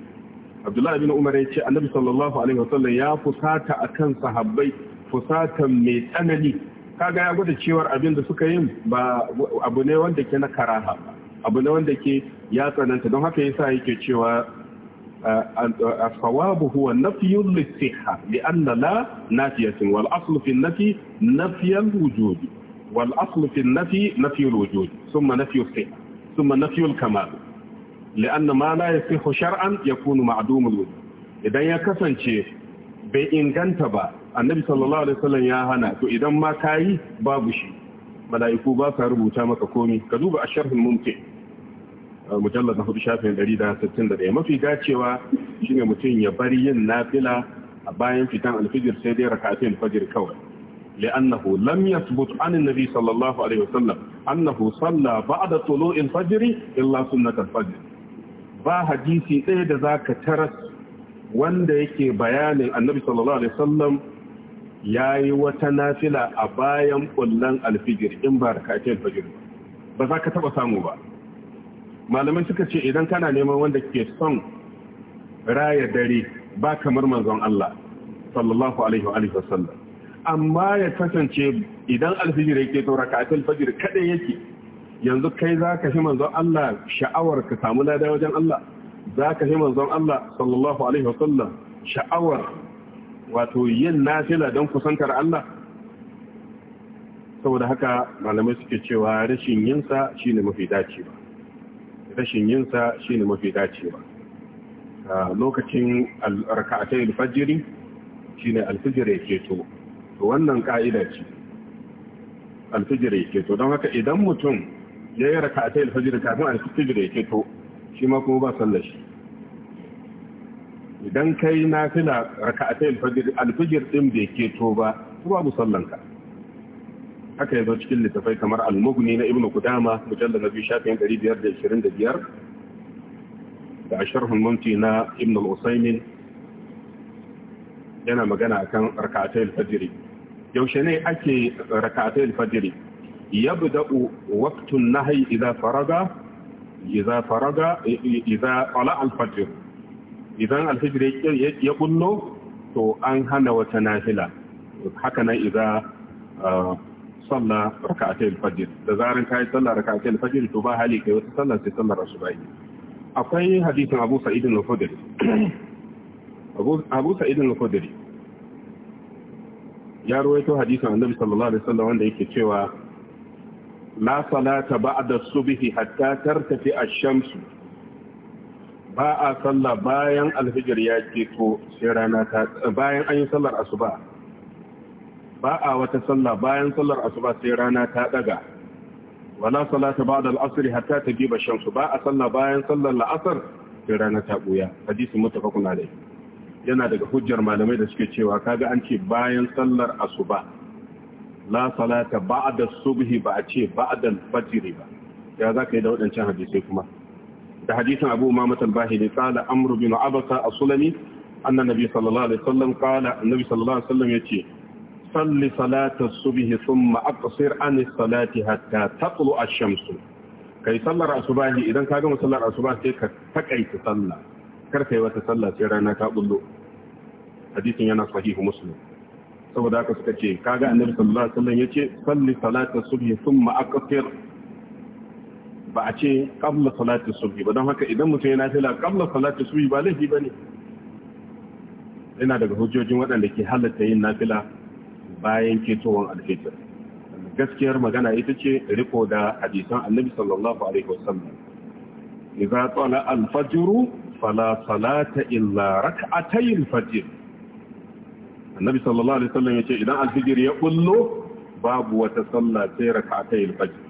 abdullahi bin umar yace annabi sallallahu alaihi wasallam ya fusata akan sahabbai fusatan mai tsanani kaga ya gwada cewar abin da suka yi ba abu ne wanda ke na karaha abu ne wanda ke ya tsananta don haka yasa yake cewa asawabu huwa nafiyun litsiha li annala nafiyatin wal aslu fi nafi nafiyan wujudi wal aslu fi nafi nafiyul wujudi thumma nafiyul siha thumma nafiyul kamal li anna ma la yasihu shar'an yakunu ma'dumul wujud idan ya kasance bai inganta ba annabi sallallahu alaihi wasallam ya hana to idan ma kai babu shi mala'iku ba sa rubuta maka komi ka duba asharhul mumkin mujallar na hudu shafin ɗaya mafi dacewa shine mutum ya bari yin nafila a bayan fitan alfijir sai dai rakatun fajir kawai لأنه لم يثبت عن النبي صلى الله عليه وسلم أنه صلى بعد طلوع الفجر إلا سنة الفجر با حديثي إيه ذاك ترس wanda yake bayanin annabi sallallahu alaihi wasallam yayi wata nafila a bayan kullan alfijir in ba rakatul fajr ba za ka taɓa samu ba malamai suka ce idan kana neman wanda ke son raya dare ba kamar manzon Allah sallallahu alaihi wa alihi wasallam amma ya kasance idan alfijir yake to raka'atul fajr kada yake yanzu kai zaka shi manzon Allah sha'awar ka samu lada wajen Allah zaka shi manzon Allah sallallahu alaihi wasallam sha'awar wato yin nafila don kusantar Allah saboda haka malamai suke cewa rashin yinsa shine mafi dacewa rashin yinsa shine mafi dacewa a lokacin raka'atai alfajiri shine alfijir ya keto to wannan ka'ida ce alfijir ya keto don haka idan mutum ya yi raka'atai alfajiri kafin alfijir ya keto shi ma kuma ba sallashi. idan kai na fila raka'atai alfajir alfijir din bai keto ba babu sallanka haka ya zo cikin littafai kamar al-mughni na ibnu kudama mujallad na biyu shafin 525 da sharhul mumti na ibnu al-usaymin yana magana akan rak'atul fajr yaushe ne ake rak'atul fajr yabda'u waqtun nahyi idza faraga idza faraga idza tala al-fajr idan al-fajr ya kullo to an hana wata nafila haka nan idza salla raka'atai al-fajr da zaran kai salla raka'atai al-fajr to ba hali kai wata sallar sai sallar asubahi akwai hadisin Abu Sa'id al-Khudri Abu Sa'id al-Khudri ya ruwaito hadisin Annabi sallallahu alaihi wasallam wanda yake cewa la salata ba'da subhi hatta tartafi ash-shamsu ba a salla bayan al ya ya ko sai rana ta bayan an yi sallar asuba ba a wata sallah bayan sallar asuba sai rana ta daga wala salata ba'da al-asr hatta tajiba shamsu ba a sallah bayan sallar la'asar sai rana ta buya hadisi muttafaqun alayhi yana daga hujjar malamai da suke cewa kaga an ce bayan sallar asuba la salata ba'da subhi ba a ce ba'da al-fajr ba ya zaka yi da wadancan hadisi kuma da hadisin Abu Umama al-Bahili qala Amr bin Abasa as-Sulami anna nabi sallallahu alaihi wasallam qala annabi sallallahu alaihi wasallam yace salli salatar subhi thumma aqsir an salati hatta tatlu a shamsu kai sallar asubahi idan ka gama sallar asuba sai ka takaita sallah kar kai wata sallah sai rana ta bullo hadisin yana sahihu muslim saboda haka suka ce ka ga annabi sallallahu alaihi wasallam yace salli salatar subhi thumma aqsir ba a ce qabla salatu subhi ba don haka idan mutum yana fila qabla salatu subhi ba laifi ba ne yana daga hujjojin waɗanda ke halatta yin nafila bayan ketowar alfitr gaskiyar magana ita ce riko da hadisan annabi sallallahu alaihi wasallam idza tala al-fajr fala salata illa rak'atay al-fajr annabi sallallahu alaihi wasallam yace idan al ya kullo babu wata sallah sai rak'atay al-fajr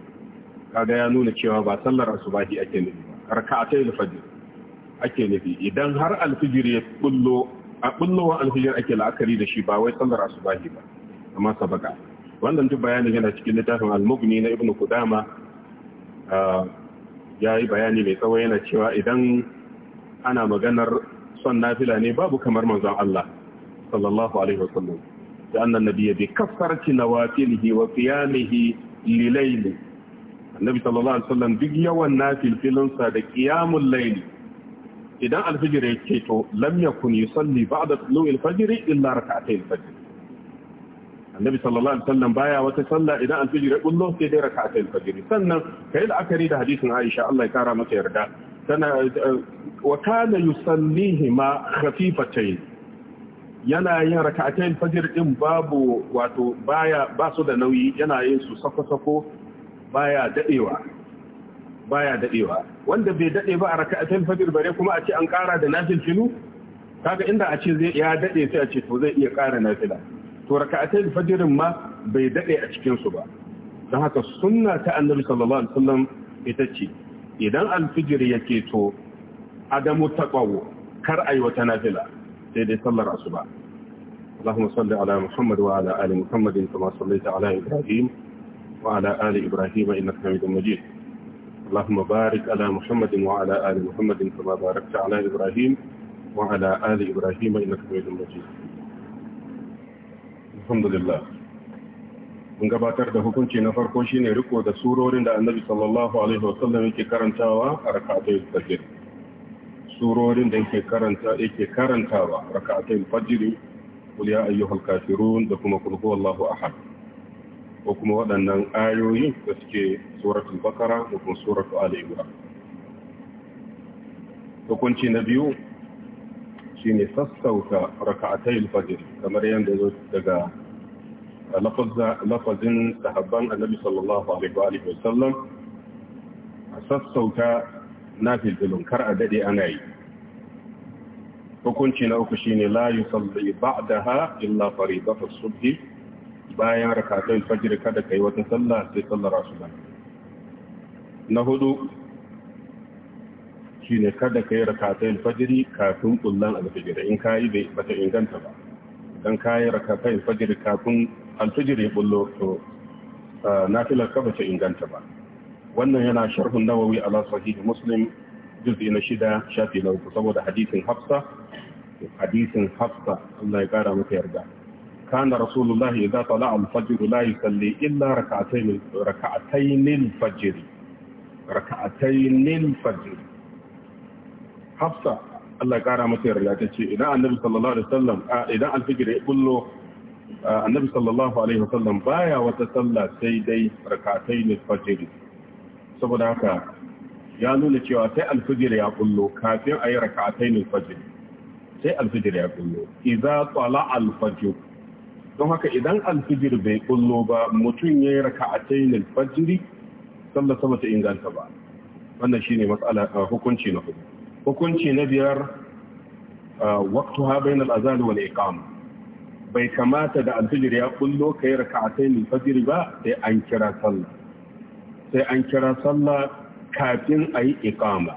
kaga ya nuna cewa ba sallar asubahi ake nufi rak'atay al-fajr ake nufi idan har al ya kullo a kullowar al-fajr ake la'akari da shi ba wai sallar asubahi ba kama sabaka wannan duk bayanin yana cikin littafin al-mughni na ibnu kudama ah, ya yi bayani mai tsawo yana cewa idan ana maganar son nafila ne babu kamar manzon Allah sallallahu alaihi wasallam da annan nabiyyi bi kasarci nawafilihi wa qiyamihi lilayli annabi sallallahu alaihi wasallam duk yawan nafilfilinsa da qiyamul layli idan alfijira ya ce to lam yakun yusalli ba'da tulu'il fajr illa rak'atayn fajr annabi sallallahu alaihi wasallam baya wata sallah idan an ya bullo sai dai raka'atul fajr sannan kai la'akari da hadisin Aisha Allah ya kara maka yarda sana eh, wa kana yusallihima khafifatayn yana yin raka'atul fajr din babu wato baya ba su da nauyi yana yin su sako-sako baya dadewa baya dadewa wanda bai dade ba a raka'atul fajr bare kuma a ce an kara da nafil filu kaga inda a ce ya dade sai a ce to zai iya kara nafila to raka'atai fajirin ma bai dade a cikin su ba don haka sunna ta annabi sallallahu alaihi wasallam ita ce idan alfijir yake to adamu taqawu kar ayi wata nafila sai dai sallar asuba اللهم صل على محمد وعلى آل محمد كما صليت على إبراهيم وعلى آل إبراهيم إنك حميد مجيد اللهم بارك وعلى آل إبراهيم إنك alhamdulillah mun gabatar da hukunci na farko shine riko da surorin da annabi sallallahu alaihi wasallam yake karantawa a rak'atul fajr surorin da yake karanta yake karantawa rak'atul fajr qul ya ayyuhal kafirun da kuma qul huwallahu ahad ko kuma waɗannan ayoyi da suke suratul bakara da kuma suratul ali imran hukunci na biyu shine sassauta raka'atayil fajr kamar yadda zo daga lafazin sahabban annabi sallallahu alaihi wa alihi A sassauta nafilin kar a dade ana yi hukunci na uku shine la yusalli ba'daha illa faridatu subhi bayan raka'atayil fajr kada kai wata sallah sai sallar asuba na hudu shine kada ka yi rakatayin fajiri kafin kullan alfijir in ka yi bai ta inganta ba don ka yi rakatayin fajiri kafin alfijir ya bullo to nafilar ka ba ta inganta ba wannan yana sharhun nawawi ala sahih muslim juz'i na shida shafi na uku saboda hadisin hafsa hadisin hafsa Allah ya kara maka yarda kana rasulullahi idza tala al-fajr la yusalli illa rak'atayn rak'atayn al-fajr rak'atayn hafsa Allah ƙara kara mata yarda ta ce idan annabi sallallahu alaihi wasallam idan alfijir ya bullo annabi sallallahu alaihi wasallam baya wata sallah sai dai rakatai ne fajr saboda haka ya nuna cewa sai alfijir ya kullo kafin ayi rakatai ne fajr sai alfijir ya bullo idza tala alfajr don haka idan alfijir bai kullo ba mutum yayi rakatai ne fajr sallah sama ta inganta ba wannan shine mas'ala hukunci na hudu hukunci na biyar waqtuha bainal azan wal iqam bai kamata da alfijir ya kullo kai raka'atai min fajr ba sai an kira sallah sai an kira sallah kafin ayi iqama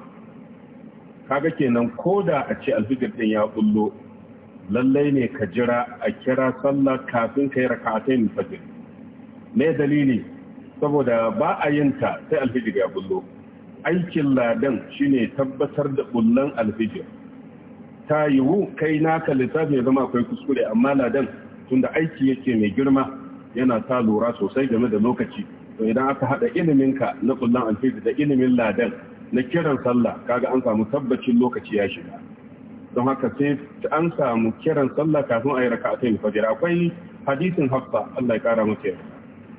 kaga kenan koda a ce alfijir din ya kullo lallai ne ka jira a kira sallah kafin kai raka'atai min fajr me dalili saboda ba a yin ta sai alfijir ya kullo aikin ladan shine tabbatar da bullan alfijir ta yiwu kai naka littafi ya zama akwai kuskure amma ladan tunda aiki yake mai girma yana ta lura sosai game da lokaci to idan aka haɗa iliminka na bullan alfijir da ilimin ladan na kiran sallah kaga an samu tabbacin lokaci ya shiga don haka sai an samu kiran sallah kafin a yi raka'a ta fajr akwai hadisin hafsa Allah ya kara mata yarda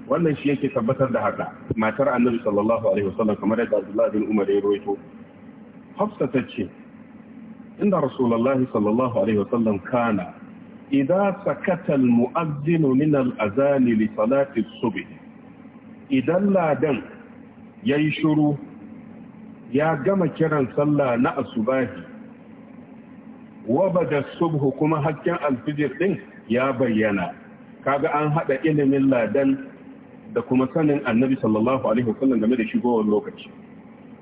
wannan shi yake tabbatar da haka matar annabi sallallahu alaihi wasallam kamar yadda Abdullah bin Umar ya rawaito Hafsa tace inda Rasulullahi sallallahu alaihi wasallam kana idza sakata al-mu'adhdhin min al-adhan li salati as-subh idan ladan yayi shiru ya gama kiran sallah na asubahi wa bada subh kuma hakkin alfijir din ya bayyana kaga an hada ilimin ladan da kuma sanin annabi sallallahu alaihi wasallam game da shigowar lokaci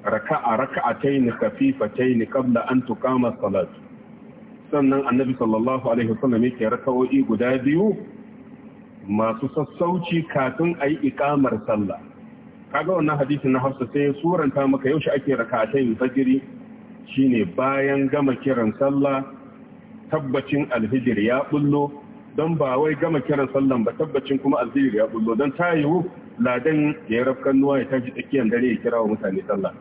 raka'a raka'atayn khafifatayn qabla an tuqama salat sannan annabi sallallahu alaihi wasallam yake raka'o'i guda biyu masu sassauci kafin a yi iqamar sallah kaga wannan hadisin na Hafsa sai suranta maka yaushe ake raka'atayn fajiri shine bayan gama kiran sallah tabbacin alhijr ya bullo don ba wai gama kiran sallan ba tabbacin kuma alziri ya bullo don ta yiwu ladan ya yi rafkan nuwa ya tafi tsakiyar dare ya kira wa mutane sallah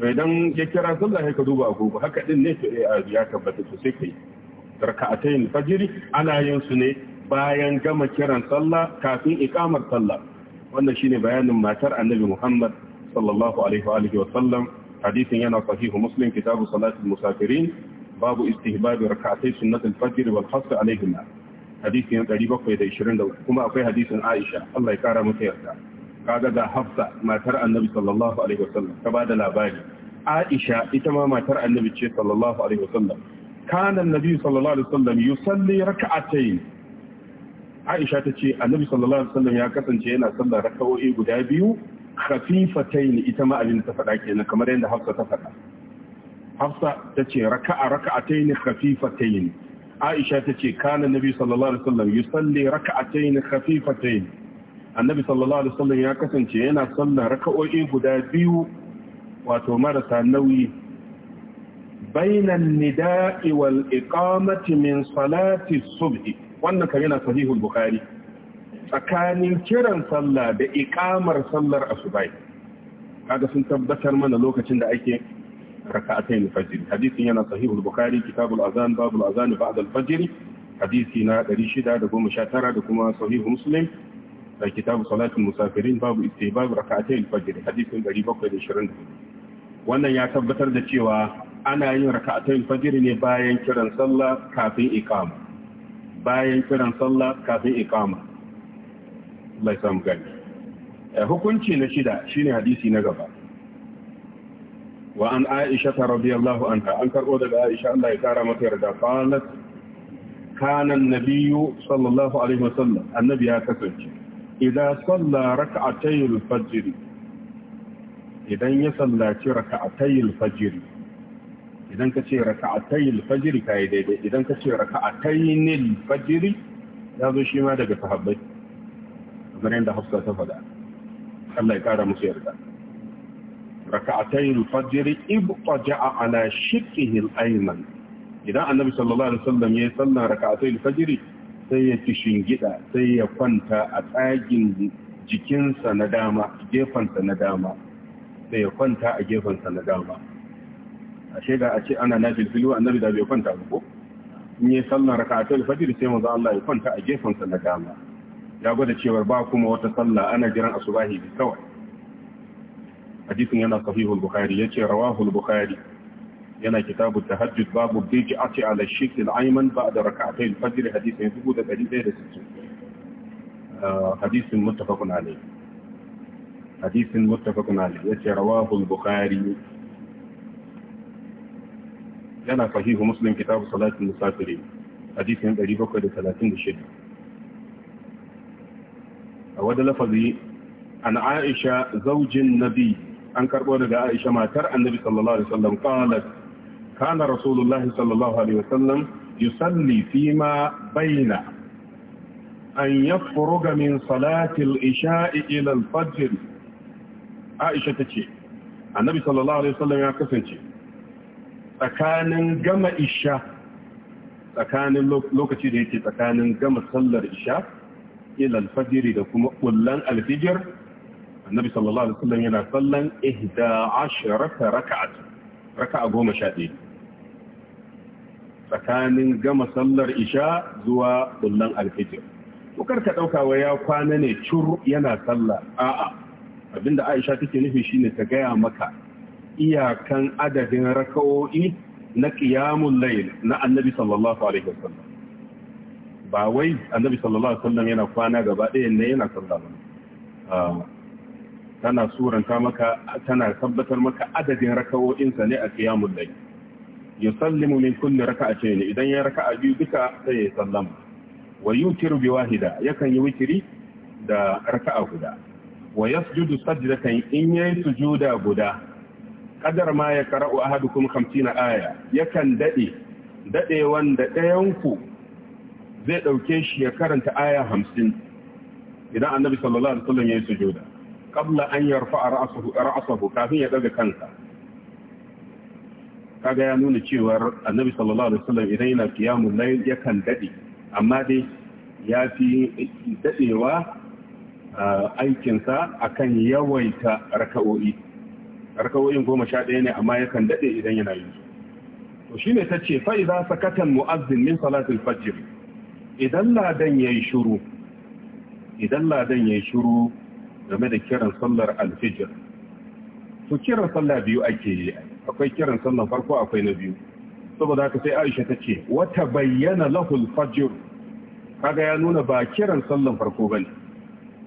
to idan ya kira sallah ya ka duba agogo haka din ne to eh, ya tabbata to sai kai raka'atayn fajiri ana yin su ne bayan gama kiran sallah kafin ikamar sallah wannan shine bayanin matar annabi Muhammad sallallahu alaihi wa wa sallam hadisin yana sahihu muslim kitabu salatul musafirin babu istihbab raka'atay sunnatul fajr wal hasr alaihima hadisi na 723 kuma akwai hadisin Aisha Allah ya kara mata yarda kaga ga Hafsa matar Annabi sallallahu alaihi wasallam ta bada labari Aisha ita ma matar Annabi ce sallallahu alaihi wasallam kana Annabi sallallahu alaihi wasallam yusalli rak'atayn Aisha ta ce Annabi sallallahu alaihi wasallam ya kasance yana sallar raka'o'i guda biyu khafifatayn ita ma abin ta faɗa kenan kamar yadda Hafsa ta faɗa Hafsa ta ce raka'a raka'atayn khafifatayn aisha ta ce kana nabi sallallahu alaihi wasallam yusalli raka'atayn khafifatayn annabi sallallahu alaihi wasallam ya kasance yana sallar raka'o'i guda biyu wato marasa nauyi bainan nida'i wal iqamati min salati subhi wannan kan yana sahihul bukhari tsakanin kiran sallah da iqamar sallar asubai kaga sun tabbatar mana lokacin da ake raka'atayn fajr hadisin yana sahih al-bukhari kitab al-azan a al-azan ba'd al-fajr hadisi na 619 da kuma sahih muslim da kitab salat musafirin babu istibab raka'atayn fajr hadisin 720 wannan ya tabbatar da cewa ana yin raka'atayn fajr ne bayan kiran sallah kafin iqama bayan kiran sallah kafin iqama Allah ya samu gani hukunci na shida shine hadisi na gaba wa an aisha ta radiyallahu anha an karbo daga aisha Allah ya kara mata yarda qalat kana an-nabiyyu sallallahu alaihi wasallam annabi ya kasance idan salla rak'atayil fajr idan ya sallaci rak'atayil fajr idan ka ce raka'atayil fajiri kai daidai idan ka ce raka'atayinil fajiri ya zo shi ma daga sahabbai kamar yadda hafsa ta faɗa Allah ya musu yarda raka'atayn al-fajr ibtaja'a ala shiqqihi al idan annabi sallallahu alaihi wasallam ya sallar raka'atayn al-fajr sai ya gida sai ya kwanta a tsagin jikinsa na dama na dama sai ya kwanta a na dama a ce ana nafil filu annabi da bai kwanta ba ko in yi sallar raka'atul fajr sai manzo Allah ya kwanta a sa na dama ya gwada cewa ba kuma wata sallah ana jiran asubahi ne kawai حديث ينا صحيح البخاري يتي رواه البخاري ينا كتاب التهجد باب بيجعة على الشيك العيمن بعد ركعتين الفجر حديث ينفقود بديد ايه لسلسل حديث متفق عليه حديث متفق عليه يتي رواه البخاري ينا صحيح مسلم كتاب صلاة المسافرين حديث ينبري بكر ثلاثين الشد أود لفظي عن عائشة زوج النبي an karbo daga Aisha matar Annabi sallallahu alaihi wasallam qalat kana Rasulullahi sallallahu alaihi wasallam yusalli ma baina an yafruga min salati al-isha'i ila al-fajr Aisha tace Annabi sallallahu alaihi wasallam ya kasance tsakanin gama isha tsakanin lokaci da yake tsakanin gama sallar isha ila al-fajr da kuma kullan al-fajr annabi sallallahu alaihi wasallam yana sallan ihda asharata raka'at raka'a goma sha ɗaya tsakanin gama sallar isha zuwa bullan alfijir to karka dauka wa ya kwana ne cur yana sallah a'a abinda Aisha take nufi shine ta gaya maka iyakan adadin raka'o'i na qiyamul layl na annabi sallallahu alaihi wasallam ba wai annabi sallallahu alaihi wasallam yana kwana gaba ɗaya ne yana sallah ba ah, tana suranta maka tana tabbatar maka adadin raka'o'insa ne a qiyamul layl yusallimu min kulli raka'atayn idan ya raka'a biyu duka sai ya sallama wa yutiru bi wahida yakan yi witiri da raka'a guda wa yasjudu sajdatan in yayi sujuda guda kadar ma ya qara'u ahadukum 50 aya yakan dade dade wanda ɗayanku zai dauke shi ya karanta aya 50 idan annabi sallallahu alaihi wasallam yayi sujuda qabla an yarfa a ra'sahu kafin ya daga kansa kaga ya nuna cewar annabi sallallahu alaihi wasallam idan yana qiyamul layl yakan daɗe. amma dai ya fi daɗewa aikinsa akan yawaita raka'o'i raka'o'in goma sha ɗaya ne amma yakan daɗe idan yana yin to shine tace fa idza sakata mu'azzin min salatil fajr idan ladan yayi shiru idan ladan yayi shiru game da kiran sallar alfijir to kiran salla biyu ake yi akwai kiran sallar farko akwai na biyu saboda haka sai Aisha ta ce wata bayyana lahul fajr kaga ya nuna ba kiran sallar farko ne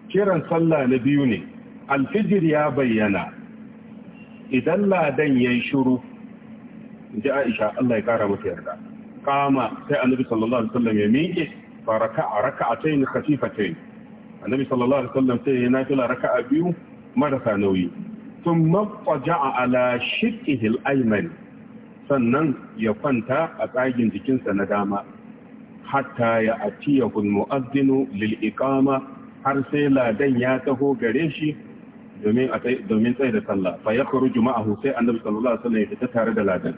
kiran sallah na biyu ne alfijir ya bayyana idan ladan yayin shiru ji Aisha Allah ya kara mata yarda kama sai annabi sallallahu alaihi wasallam ya miƙe fa raka'a raka'atayn khafifatayn annabi sallallahu alaihi wasallam sai ya nafila raka'a biyu marasa nauyi Sun thumma a ala shiqqihi al-ayman sannan ya kwanta a tsagin jikinsa na dama hatta ya atiyahu al-mu'adhdhin lil iqama har sai ladan ya taho gare shi domin a domin tsaye da sallah fa ya kharuju ma'ahu sai annabi sallallahu alaihi wasallam ya fita tare da ladan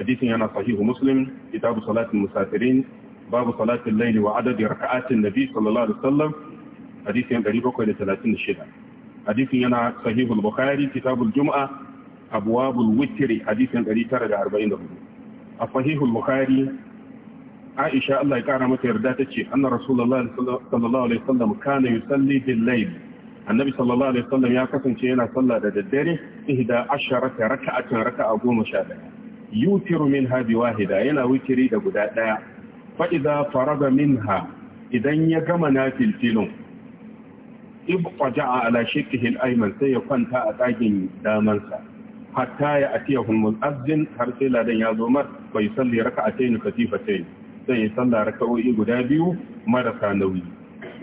hadisin yana sahihu muslim kitabu Salatin musafirin babu salatul layli wa adadi raka'atin nabi sallallahu alaihi wasallam hadisin 736 hadisin yana sahihul bukhari kitabul jumu'a abwabul witri hadisin 944 a sahihul bukhari aisha Allah ya kara mata yarda tace anna rasulullahi sallallahu alaihi wasallam kana yusalli bil layl annabi sallallahu alaihi wasallam ya kasance yana sallah da daddare ihda asharata raka raka'a goma sha daya yutiru minha bi wahida yana witiri da guda daya fa idza faraga minha idan ya gama nafilin ibqata ala shiqihi al-ayman sai ya kwanta a daman damansa hatta ya atiyahu al-muazzin har sai ladan ya zo mar bai salli raka'atayn katifatayn sai ya salla raka'o'i guda biyu marasa nauyi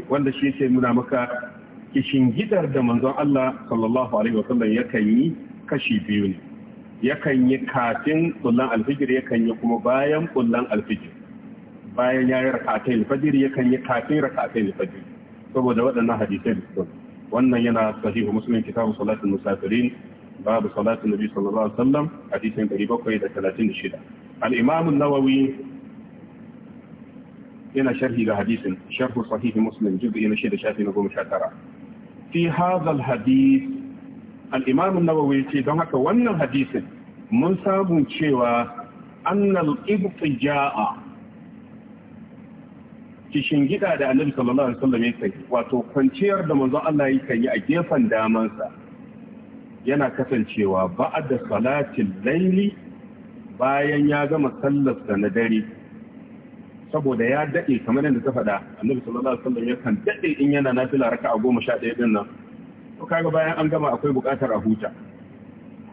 wanda shi yake muna maka kishin gidar da manzon Allah sallallahu alaihi wa sallam yakan yi kashi biyu ne yakan yi kafin kullan alfijir yakan yi kuma bayan kullan alfijir bayan ya yi raka'atayn fajr yakan yi kafin raka'atayn fajr saboda waɗannan hadisai da suka wannan yana sahihu muslim kitab salatul musafirin babu salatul nabi sallallahu alaihi wasallam hadisin da da talatin shida al-imam an-nawawi yana sharhi ga hadisin sharh sahih muslim juz'i na shida shafi na 19 fi hadha al-hadith al-imam an-nawawi ce don haka wannan hadisin mun samu cewa annal ibtija'a kishin gida da annabi sallallahu alaihi wasallam ya kai wato kwanciyar da manzon Allah ya kai a gefen sa yana kasancewa ba'da salatin laili bayan ya gama sallar sa na dare saboda ya dade kamar yadda ta faɗa annabi sallallahu alaihi wasallam ya kan dade in yana nafila raka'a 11 din nan to kaga bayan an gama akwai buƙatar a huta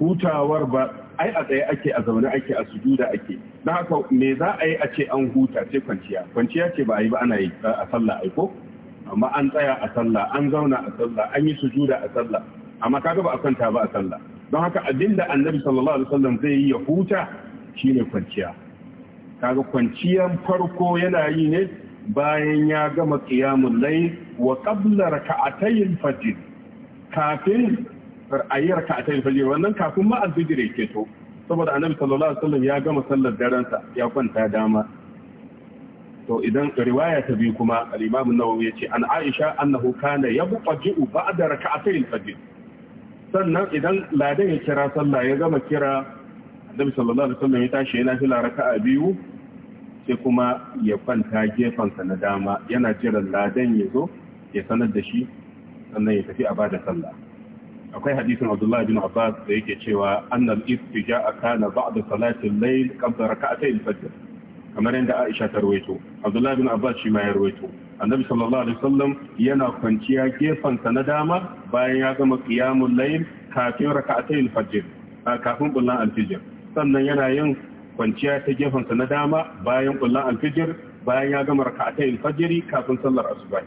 hutawar ba ai a tsaye ake a zaune ake a sujuda ake don haka me za a yi a ce an huta ce kwanciya kwanciya ce ba a yi ba ana yi a sallah ai ko amma an tsaya a sallah an zauna a sallah an yi sujuda a sallah amma kaga ba a kwanta ba a sallah don haka abinda annabi sallallahu alaihi wasallam zai yi ya huta shine kwanciya kaga kwanciyan farko yana yi ne bayan ya gama qiyamul layl wa qabla rak'atayil fajr kafin a yi raka a tayin fajir wannan kafin ma alfijir yake to saboda annabi sallallahu alaihi wasallam ya gama sallar daransa ya kwanta dama to idan riwaya ta biyu kuma al-imam an-nawawi yace an aisha annahu kana yabqaju ba'da raka'atayn fajr sannan idan ladan ya kira sallah ya gama kira annabi sallallahu alaihi wasallam ya tashi yana fila raka'a biyu sai kuma ya kwanta sa na dama yana jiran ladan ya zo ya sanar da shi sannan ya tafi a bada sallah akwai hadisin Abdullahi bin Abbas da yake cewa annal istija'a kana ba'da salatil layl qabla rak'atay al-fajr kamar yadda Aisha ta rawaito Abdullahi bin Abbas shi ma ya rawaito Annabi sallallahu alaihi wasallam yana kwanciya gefen sa na dama bayan ya gama qiyamul layl kafin rak'atay al-fajr kafin bullan al sannan yana yin kwanciya ta gefen sa na dama bayan bullan al bayan ya gama rak'atay al-fajr kafin sallar asuba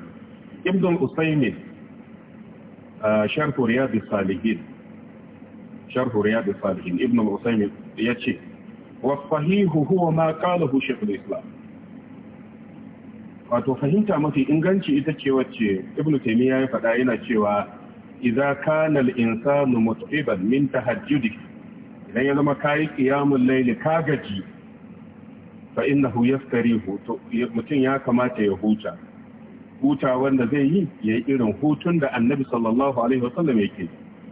Ibn Usaymin sharh riyad salihin sharh riyad salihin ibn al-usaymin yace wa sahihu huwa ma qalahu shaykh al-islam wato fahimta mafi inganci ita ce wacce ibn taymiya ya faɗa yana cewa idza kana al-insanu mut'iban min tahajjudi idan ya zama kai qiyamul layl ka gaji fa innahu yaftarihu to mutum ya kamata ya huta huta wanda zai yi ya yi irin hutun da annabi sallallahu alaihi wasallam yake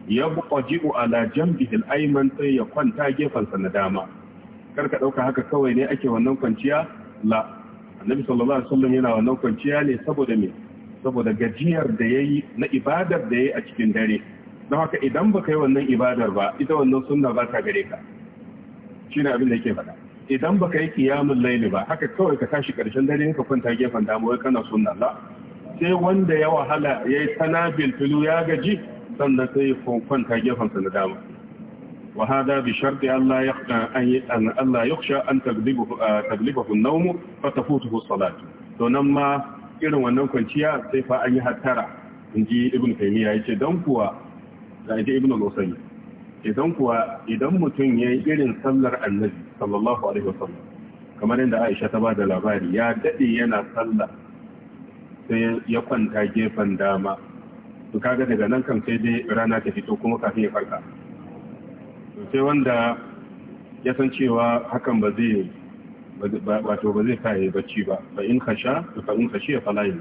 ya buƙaji'u ala jambihi al-ayman sai ya kwanta gefensa na dama karka ɗauka haka kawai ne ake wannan kwanciya la annabi sallallahu alaihi wasallam yana wannan kwanciya ne saboda me saboda gajiyar da yayi na ibadar da yayi a cikin dare don haka idan baka yi wannan ibadar ba ita wannan sunna ba ta gare ka shine abin da yake faɗa idan baka yi kiyamul laili ba haka kawai ka tashi karshen dare ka kwanta gefen dama wai kana sunna la sai wanda ya wahala ya yi tanabil filu ya gaji sannan sai ya kwanta gefensa na dama wa hada bi sharti Allah ya an Allah yakhsha an taglibahu an-nawm fa tafutuhu salatu to nan ma irin wannan kwanciya sai fa an yi hattara inji ibn taymiya yace dan kuwa da yace ibn al idan kuwa idan mutum yayi irin sallar annabi sallallahu alaihi wasallam kamar yadda Aisha ta ba da labari ya dade yana sallah sai ya kwanta gefen dama to kaga daga nan kan sai dai rana ta fito kuma kafin ya farka sai wanda ya san cewa hakan ba zai wato ba zai kaye bacci ba fa in kasha fa in kashi ya falaye.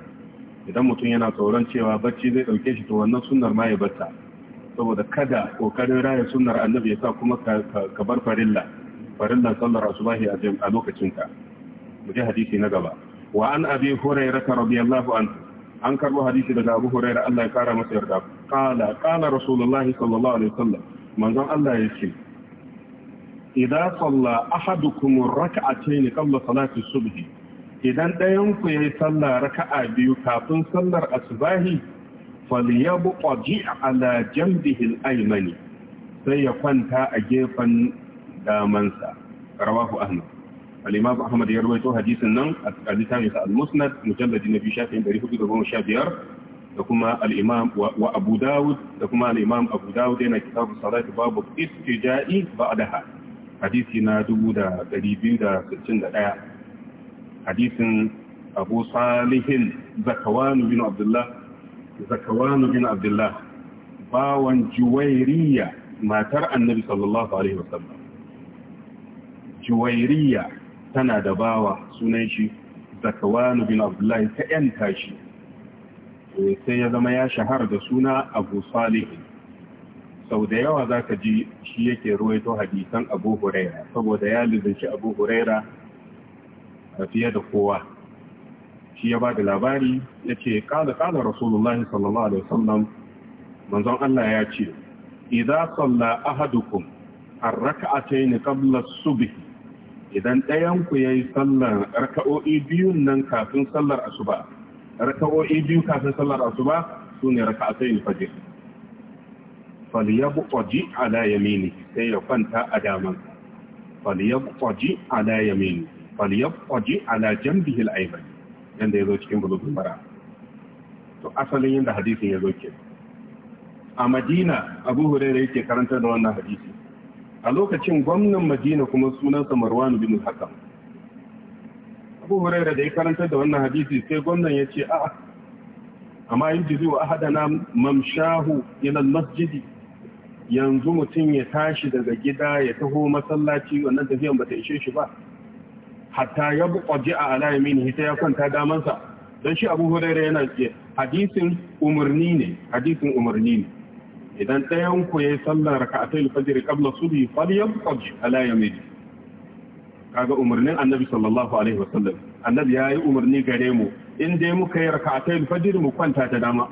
idan mutum yana tsoron cewa bacci zai dauke shi to wannan sunnar ma ya batta saboda kada kokarin raya sunnar annabi ya sa kuma ka bar farilla farilla sallar asubahi a lokacinka. ka mu ji hadisi na gaba wa an abi hurairah radiyallahu anhu an karbo hadisi daga abu hurairah Allah ya kara masa yarda qala qala rasulullahi sallallahu alaihi wasallam manzon Allah ya ce idan salla ahadukum rak'atayn qabla salati subh idan dayan ku yayi sallah raka'a biyu kafin sallar asbahi falyabqi ala janbihi al-aymani sai ya kwanta a gefen damansa rawahu ahmad al-imam ahmad ya rawaito hadisin nan a littafin sa al-musnad mujallad na biyu shafin 415 da kuma al wa abu dawud da kuma al-imam abu dawud yana kitabu salat babu istija'i ba'daha hadisi na 2261 hadisin abu salihin zakawan bin abdullah zakawan bin abdullah bawan juwairiya matar annabi sallallahu alaihi wasallam juwairiya tana da bawa sunan shi zakawanu bin abdullahi ta yanta shi eh, sai ya zama ya shahara da suna abu Salihu. sau da yawa za ka ji shi yake ruwaito hadisan abu huraira saboda ya lizinci abu huraira a fiye da kowa shi ya ba da labari ya ce kada kada rasulullahi sallallahu alaihi sallam. manzon Allah ya ce idza salla ahadukum ar-rak'atayn ni as-subh idan ɗayanku ya yi sallar raka'o'i biyun nan kafin sallar asuba raka'o'i biyu kafin sallar asuba su ne raka'atai fajir a ala yamini sai ya kwanta a daman falyabuqaji ala yamini falyabuqaji ala jambihi al Yadda ya zo cikin bulugul bara. to asalin yadda hadisin zo ke a Madina Abu Hurairah yake karanta da wannan hadisi a lokacin gwamnan madina kuma sunansa marwan bin hakam abu huraira da ya karanta da wannan hadisi sai gwamnan ya ce a'a amma yin jizi wa ahadana mamshahu ila masjidi yanzu mutum ya tashi daga gida ya taho masallaci wannan tafiyan ba ta ishe shi ba hatta ya ji a alayamin hita ya kwanta damansa don shi abu huraira yana ce hadisin umarni ne hadisin umarni ne idan ɗayan ku ya yayi sallar raka'atul fajr qabla subhi falyabqaj ala yamin kaga umarnin annabi sallallahu alaihi wasallam annabi ya yi umarni gare mu in dai muka yi yi fajr mu kwanta ta dama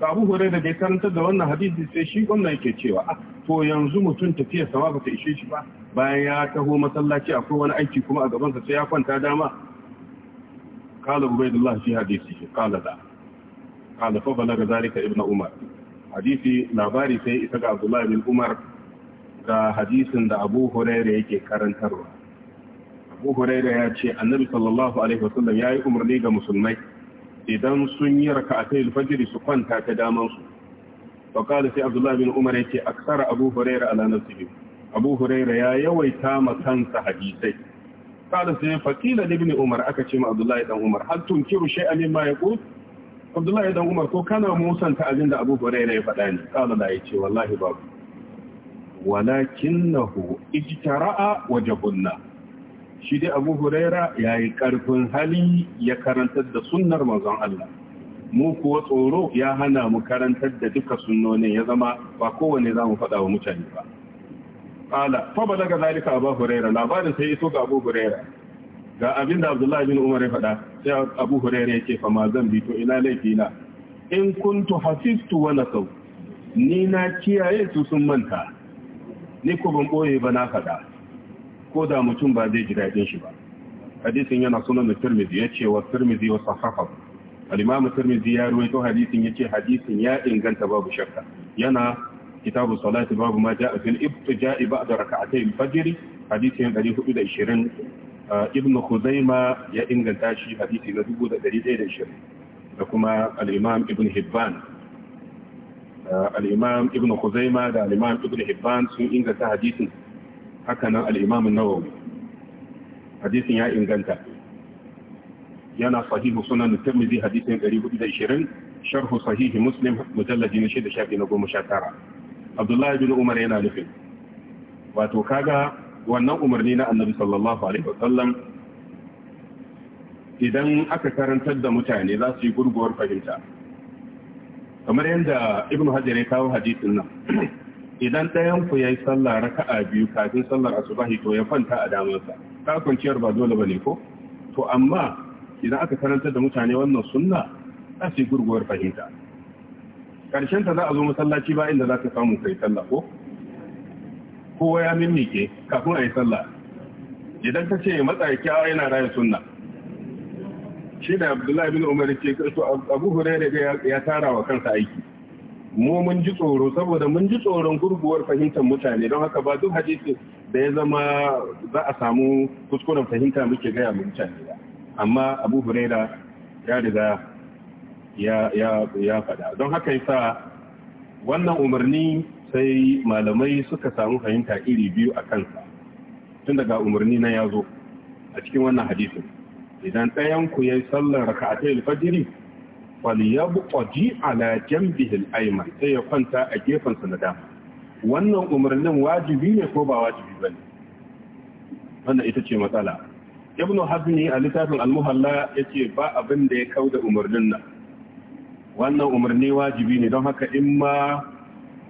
Abu hore da karanta da wannan hadisi sai shi wannan yake cewa ah, to yanzu mutum tafiya sama ba ta ishe shi ba bayan ya taho masallaci akwai wani aiki kuma a gabansa sai ya kwanta dama Kala عبيد الله hadisi, kala da. kala قال فبلغ ذلك ابن Umar. hadisi labari sai isa ga abdullahi bin umar ga hadisin da abu huraira yake karantarwa abu huraira ya ce annabi sallallahu alaihi wasallam ya yi umarni ga musulmai idan sun yi raka a kai fajiri su kwanta ta damansu faƙali sai abdullahi bin umar ya ce aksara abu huraira ala nasibi abu huraira ya yawaita ma kansa hadisai kada sai faƙila ibn umar aka ce ma abdullahi dan umar hal tunkiru shay'an mimma yaqul abdullahi dan umar ko kana musanta abin da abu Hurairah ya faɗa ne kala da ya wallahi babu Walakinahu ijtara'a wajhunna shi dai abu Hurairah yayi karfin hali ya karantar da sunnar manzon Allah mu kuwa tsoro ya hana mu karantar da duka sunnonin ya zama ba kowanne zamu faɗa wa mutane ba kala fa balaga zalika abu huraira labarin sai iso ga abu huraira ga abin da abdullahi bin umar ya faɗa sai abu Hurairah ya ce fa ma zan bi to ina laifi na in kuntu hafiztu wa nasau ni na kiyaye su sun manta ni ko ban boye ba na faɗa ko da mutum ba zai ji daɗin shi ba hadisin yana sunan tirmidhi yace wa tirmidhi wa sahaha al-imam tirmidhi ya ruwaito hadisin yace hadisin ya inganta babu shakka yana kitabu salati babu ma ja'a fil ibtija'i ba'da rak'atay fajr hadisin 420 ibn Khuzaima ya inganta shi hadisi na 1120 da kuma al-Imam Ibn Hibban uh, al-Imam Ibn Khuzaima da al-Imam Ibn Hibban sun inganta hadisin haka nan al-Imam An-Nawawi hadisin ya inganta yana sahih sunan Tirmidhi hadisin 420 sharh sahih Muslim mujalladin da shafi na 19 Abdullah ibn Umar yana nufin wato kaga wannan umarni na annabi sallallahu alaihi wasallam idan aka karantar da mutane za su yi gurguwar fahimta kamar yadda ibn hajar ya kawo hadisin nan idan ɗayan ku ya yi sallah raka'a biyu kafin sallar asubahi to ya kwanta a damansa ka kwanciyar ba dole bane ko to amma idan aka karantar da mutane wannan sunna za su yi gurguwar fahimta karshen ta za a zo masallaci ba inda za ka samu kai sallah ko kowa ya mimmike kafin a yi sallah idan ka ce matsa kyawa yana raya sunna shi da abdullahi bin umar ke to abu hure da ya tara wa kansa aiki mu mun ji tsoro saboda mun ji tsoron gurguwar fahimtar mutane don haka ba duk hadisi da ya zama za a samu kuskuren fahimta muke gaya mutane amma abu da ya riga ya ya ya faɗa don haka yasa wannan umarni sai malamai suka samu fahimta iri biyu a kansa tun daga umarni na ya zo a cikin wannan hadisin idan ɗayan ku ya yi sallar raka'atai alfajiri ji ala janbihi al sai ya kwanta a gefen sa na dama wannan umarnin wajibi ne ko ba wajibi ba ne? wannan ita ce matsala ibnu hazmi a littafin almuhalla ya ce ba abin da ya da umarnin nan wannan umarni wajibi ne don haka in ma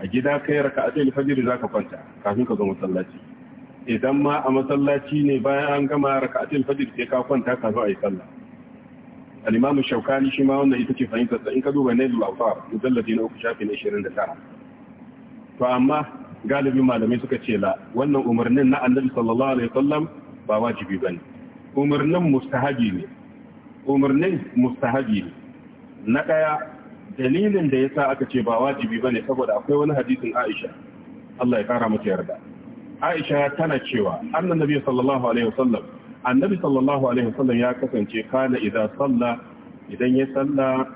a gida kai fajiri za ka kwanta kafin ka zo masallaci idan ma a masallaci ne bayan an gama raka ajiyar fajiri sai ka kwanta kafin ayi sallah al shaukani shi ma wannan ita ce fahimtar sa in ka duba nailul awtar mujalladi na uku shafi na ishirin da tara. to amma galibin malamai suka ce la wannan umarnin na annabi sallallahu alaihi wasallam ba wajibi ba umarnin mustahabi ne umarnin mustahabi ne na ɗaya dalilin da ya sa aka ce ba wajibi ba ne saboda akwai wani hadisin Aisha Allah ya kara mata yarda Aisha tana cewa annabi sallallahu alaihi wasallam annabi sallallahu alaihi wasallam ya kasance kana idan salla idan ya salla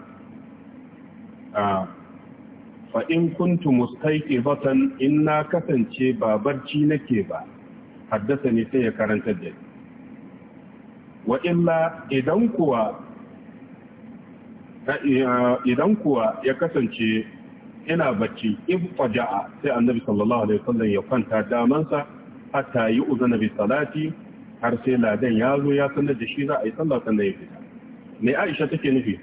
ah, fa in kuntu mustaqibatan kasance ba barci nake ba haddasa ne sai ya karanta da wa illa idan kuwa Eh, eh, idan kuwa ya kasance ina bacci in faja'a sai annabi sallallahu alaihi wasallam ya kwanta damansa hatta yi uzana bi salati har sai ladan ya zo ya sanar da shi za a yi sallah sannan ya fita me Aisha take nufi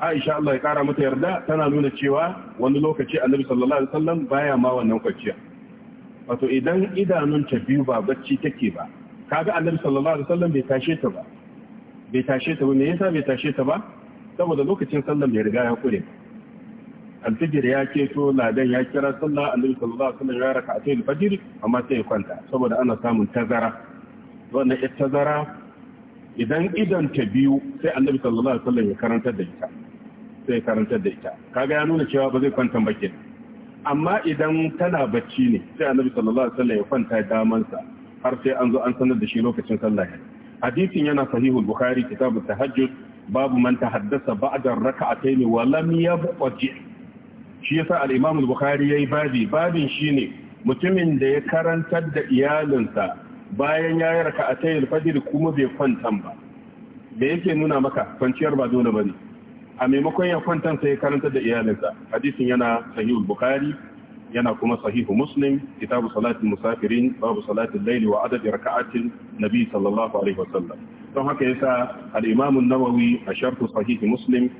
Aisha Allah ya kara mata yarda tana nuna cewa wani lokaci annabi sallallahu alaihi wasallam baya ma wannan kwanciya wato idan idanun ta biyu ba bacci take ba kaga annabi sallallahu alaihi wasallam bai tashe ta ba bai tashe ta ba me yasa bai tashe ta ba saboda lokacin sallah mai riga ya kure alfijir ya keto ladan ya kira sallah annabi sallallahu alaihi wasallam ya raka a cikin fajir amma sai ya kwanta saboda ana samun tazara wannan ita tazara idan idan ta biyu sai annabi sallallahu alaihi wasallam ya karanta da ita sai karanta da ita kaga ya nuna cewa ba zai kwanta ba ke amma idan tana bacci ne sai annabi sallallahu alaihi wasallam ya kwanta damansa har sai an zo an sanar da shi lokacin sallah hadisin yana sahihul bukhari kitabut tahajjud babu man tahaddasa badan raka'atayn wa lam yabqi shi yasa al-Imam al-Bukhari yayi babi babin shine mutumin da ya karantar da iyalinsa bayan yayi raka'atayn al-fajr kuma bai kwanta ba da yake nuna maka kwanciyar ba dole bane a maimakon ya kwanta sai ya karantar da iyalinsa hadisin yana sahih al-Bukhari yana kuma sahihu muslim kitabu salatin musafirin babu salatin laili wa adadi raka'atin nabi sallallahu alaihi wasallam don haka yasa al-Imam an-Nawawi a Sharh Sahih Muslim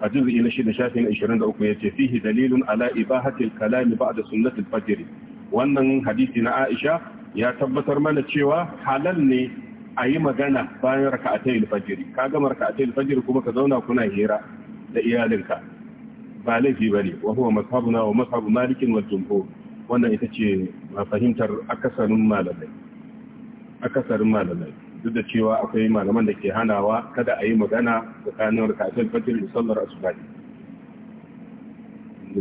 a juz'i na 6 shafin 23 yace fihi dalilun ala ibahati al-kalam ba'da sunnat al-fajr wannan hadisi na Aisha ya tabbatar mana cewa halal ne a yi magana bayan raka'atai fajr ka gama raka'atai al-fajr kuma ka zauna kuna hira da iyalinka ba laifi bane wa huwa mazhabuna wa mazhabu Malik wal jumhur wannan ita ce fahimtar akasarin malamai akasarin malamai duk da cewa akwai malaman da ke hanawa kada a yi magana tsakanin rikatar fajr da sallar asubahi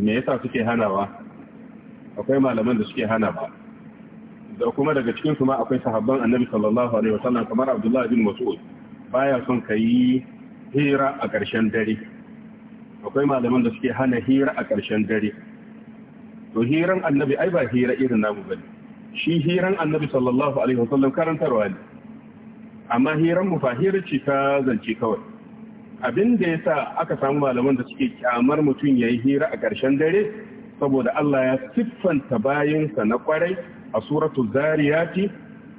me yasa suke hanawa akwai malaman da suke hana ba da kuma daga cikin su ma akwai sahabban annabi sallallahu alaihi wasallam kamar abdullah bin mas'ud baya son kai hira a ƙarshen dare akwai malaman da suke hana hira a ƙarshen dare to hiran annabi ai ba hira irin namu bane shi hiran annabi sallallahu alaihi wasallam karantarwa ne amma hirar mu ce ta zance kawai abin da ya sa aka samu malaman da suke kyamar mutum ya yi hira a ƙarshen dare saboda Allah ya siffanta bayansa na kwarai a suratu zariyati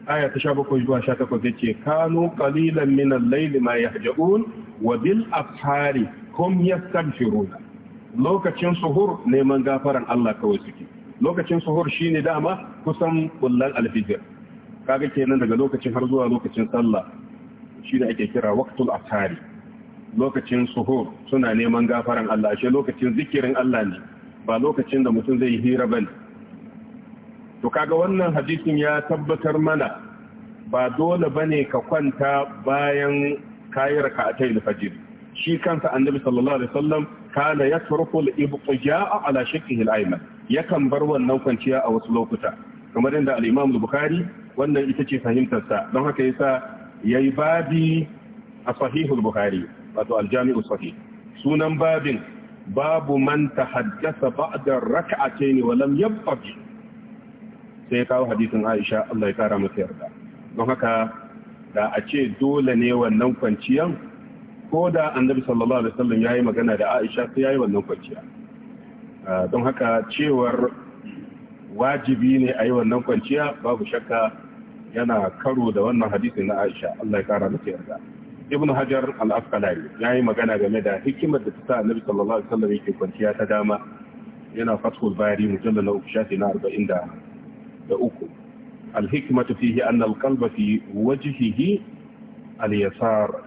aya ta sha bakwai zuwa 18 takwas ya ce kano kalilan minan ma yahjaun wa bil afhari hum yastaghfiruna lokacin suhur neman gafaran Allah kawai suke lokacin suhur shine dama kusan kullan alfijir kaga kenan daga lokacin har zuwa lokacin sallah shi da ake kira waqtul asari lokacin suhur suna neman gafaran Allah shi lokacin zikirin Allah ne ba lokacin da mutum zai hira bane to kaga wannan hadisin ya tabbatar mana ba dole bane ka kwanta bayan kayi raka'atai al-fajr shi kansa annabi sallallahu alaihi wasallam kana yatruku al-ibtija'a ala shaqqihi al-ayman yakan bar wannan kwanciya a wasu lokuta kamar inda al-imam al-bukhari wannan ita ce fahimtar fahimtarsa don haka yasa yayi babi a sahihul bukhari wato aljami'u sahih sunan babin babu man tahaddasa ba'da rak'atayn wa lam yabqi sai kawo hadisin Aisha Allah ya kara mata yarda don haka da a ce dole ne wannan kwanciyan ko da annabi sallallahu alaihi wasallam yayi magana da Aisha sai yayi wannan kwanciya don haka cewar wajibi ne a yi wannan kwanciya babu shakka yana karo da wannan hadisin na Aisha Allah ya kara mata yarda Ibn Hajar al-Asqalani yayi magana game da hikimar da ta Annabi sallallahu alaihi wasallam yake kwanciya ta dama yana Fathul Bari mujallal na uku shafi na 40 da uku al-hikmatu fihi anna al-qalba fi wajhihi al-yasar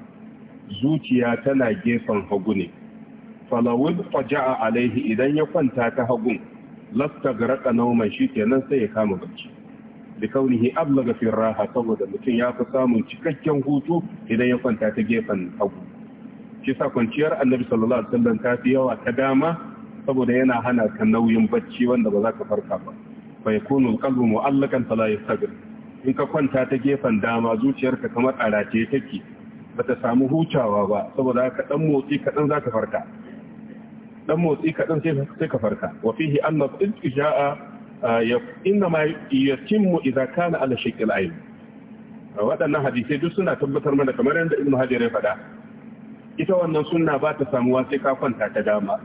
zuciya tana gefen hagu ne falawin faja'a alaihi idan ya kwanta ta hagu, lasta ga nauman shi kenan sai ya kama bacci da kaunihi ablaga fi raha saboda mutum ya fi samun cikakken hutu idan ya kwanta ta gefen hagu shi sa kwanciyar annabi sallallahu alaihi wasallam ta fi yawa ta dama saboda yana hana ka nauyin bacci wanda ba za ka farka ba fa yakunu qalbu mu'allakan fala yastagir in ka kwanta ta gefen dama zuciyarka kamar arace take bata samu hutawa ba saboda ka dan motsi kadan za farka dan motsi kadan sai ka farka wa fihi anna ijaa inna ma yatimmu idza kana ala shaqqil ayn waɗannan hadisai duk suna tabbatar mana kamar yadda ibnu hajar ya faɗa ita wannan sunna ba ta samuwa sai ka kwanta ta dama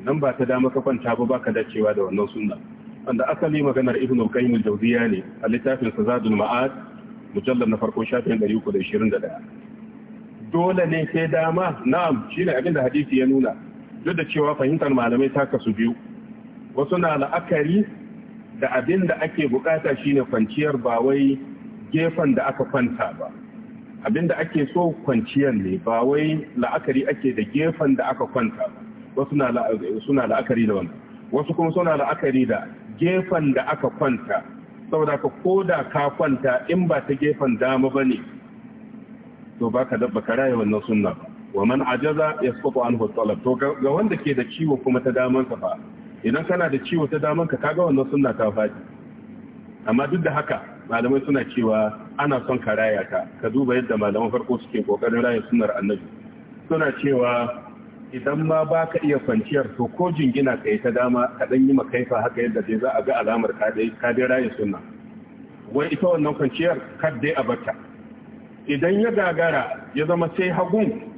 idan ba ta dama ka kwanta ba baka dacewa da wannan sunna wanda asali maganar ibnu qayyim al ne a littafin sa ma'ad mujallal na farko shafin 321 dole ne sai dama na'am shine abinda hadisi ya nuna duk da cewa fahimtar malamai ta kasu biyu wasu na la'akari da abin da ake bukata shine kwanciyar ba wai gefen da aka kwanta ba abin da ake so kwanciyar ne ba wai la'akari ake da gefen da aka kwanta ba wasu suna la'akari da wannan wasu kuma suna la'akari da gefen da aka kwanta saboda ka koda ka kwanta in ba ta gefen dama ba ne to ba ka dabba karaya wannan sunna ba wa man ajaza ya sukutu an talab to ga wanda ke da ciwo kuma ta damansa ba idan kana da ciwo ta damar ka kaga wannan suna ta faɗi amma duk da haka malamai suna cewa ana son ka raya ta ka duba yadda malaman farko suke kokarin raya sunar annabi suna cewa idan ma ba ka iya kwanciyar to ko jingina ka yi ta dama ka ɗan yi makaifa haka yadda dai za a ga alamar kadai raya suna wai ita wannan kwanciyar kadai a bata idan ya gagara ya zama sai hagun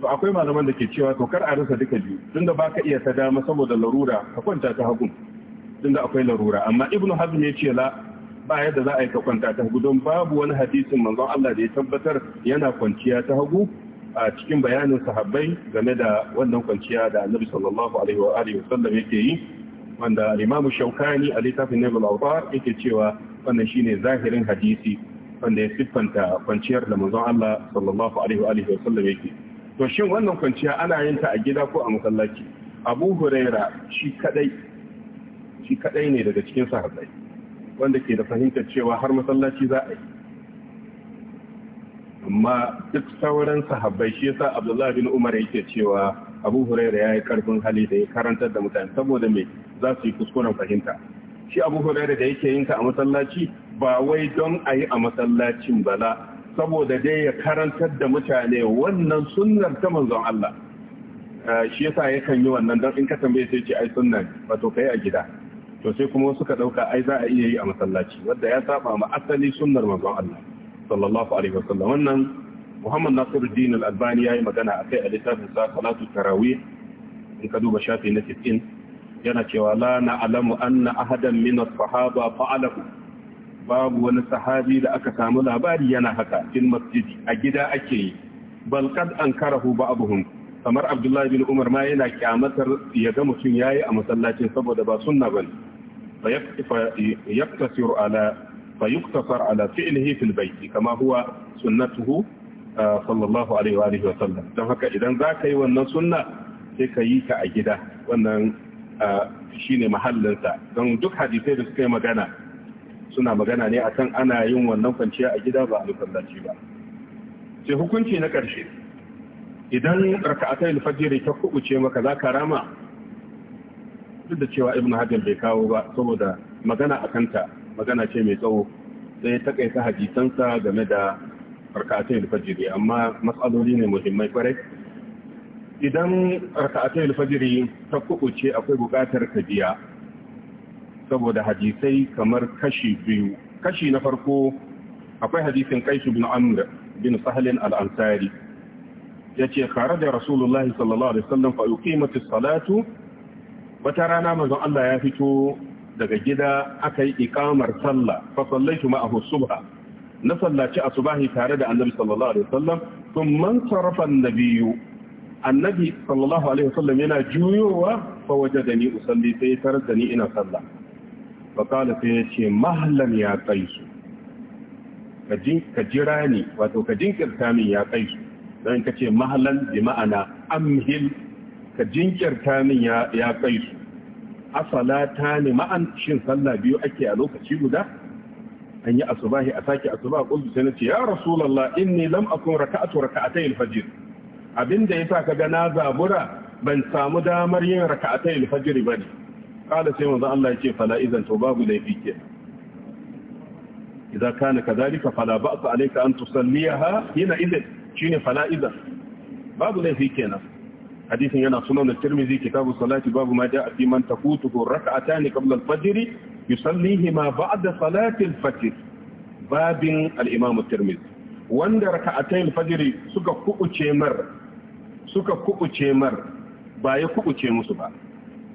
to akwai malaman da ke cewa to kar a rasa duka biyu tunda baka iya ta dama saboda larura ka kwanta ta hagu tunda akwai larura amma ibnu hazm ya ce la ba yadda za a yi ka kwanta ta hagu don babu wani hadisin manzon Allah da ya tabbatar yana kwanciya ta hagu a cikin bayanin sahabbai game da wannan kwanciya da annabi sallallahu alaihi wa alihi wasallam yake yi wanda imam shaukani a littafin nabil awtar yake cewa wannan shine zahirin hadisi wanda ya siffanta kwanciyar da manzon Allah sallallahu alaihi wa alihi wasallam yake to shin wannan kwanciya ana yin ta a gida ko a masallaci abu huraira shi kadai shi kadai ne daga cikin sahabbai wanda ke da fahimtar cewa har masallaci za a yi amma duk sauran sahabbai shi yasa abdullahi bin umar yake cewa abu huraira ya karfin hali da ya karantar da mutane saboda me za su yi kuskuren fahimta shi abu huraira da yake yin ta a masallaci ba wai don a yi a masallacin bala saboda dai ya karantar da mutane wannan sunnar ta manzon Allah eh, shi yasa yakan yi wannan don in ka tambaye sai ce ai sunna wato kai a gida to sai kuma suka dauka ai za a iya yi a masallaci wanda ya saba ma asali sunnar manzon Allah sallallahu alaihi wasallam wannan Muhammad Nasiruddin Al-Albani yayi magana akai a littafin sa Salatu Tarawih in ka duba shafi na 15, yana cewa la na alamu anna ahadan min as-sahaba fa'alahu babu wani sahabi da aka samu labari yana haka fil masjidi a gida ake yi bal kad ankarahu ba'dhum kamar Abdullahi bin Umar ma yana kyamatar ya ga mutum yayi a masallacin saboda ba sunna bane fa yaktasir ala fa yuktasar ala fi'lihi fil bayt kama huwa sunnatuhu ah, sallallahu alaihi wa alihi wa sallam don haka idan za ka yi wannan sunna sai ka yi ta a gida wannan ah, shine mahallinsa don duk hadisai da suka yi magana suna magana ne akan ana yin wannan kwanciya a gida ba a masallaci ba sai hukunci na ƙarshe idan raka'atai alfajiri ta kubuce maka za ka rama duk da cewa Ibn hajar bai kawo ba saboda magana a kanta magana ce mai tsawo sai ta kai ta hajjitansa game da a raka'atai alfajiri amma matsaloli ne muhimmai kwarai idan a raka'atai alfajiri ta kubuce akwai buƙatar ka biya saboda hadisai kamar kashi biyu kashi na farko akwai hadisin kaisu bin amr bin sahalin al-ansari yace kharaja rasulullahi sallallahu alaihi wasallam fa yuqimatu salatu wata rana manzon Allah ya fito daga gida akai iqamar sallah fa sallaitu ma'ahu subha na sallaci asubahi tare da annabi sallallahu alaihi wasallam thumma sarafa an-nabiyyu annabi sallallahu alaihi wasallam yana juyowa fa wajadani usalli sai tarzani ina sallah faƙala sai ya ce mahallan ya su ka jira ni wato ka jinkirta min ya su, don ka ce mahallan bi ma'ana amhil ka jinkirta min ya su, asala ta ne ma'an shin sallah biyu ake a lokaci guda an yi asubahi a sake asuba kullu sai na ce ya rasulullah inni lam akun raka'atu raka'atay al-fajr abinda yasa ga na zabura ban samu damar yin raka'atay al-fajr bane kala sai manzo Allah yake fala idan to babu laifi ke idan kana kadalika fala ba'sa alayka an tusalliha hina idan shine fala idan babu laifi kenan hadisin yana sunan at-Tirmidhi kitabu salati babu ma ja'a fi man taqutuhu rak'atan qabla al-fajr yusallihima ba'da salati al-fajr babin al-imam at-Tirmidhi wanda rak'atayn al-fajr suka kubuce mar suka kubuce mar ba ya kubuce musu ba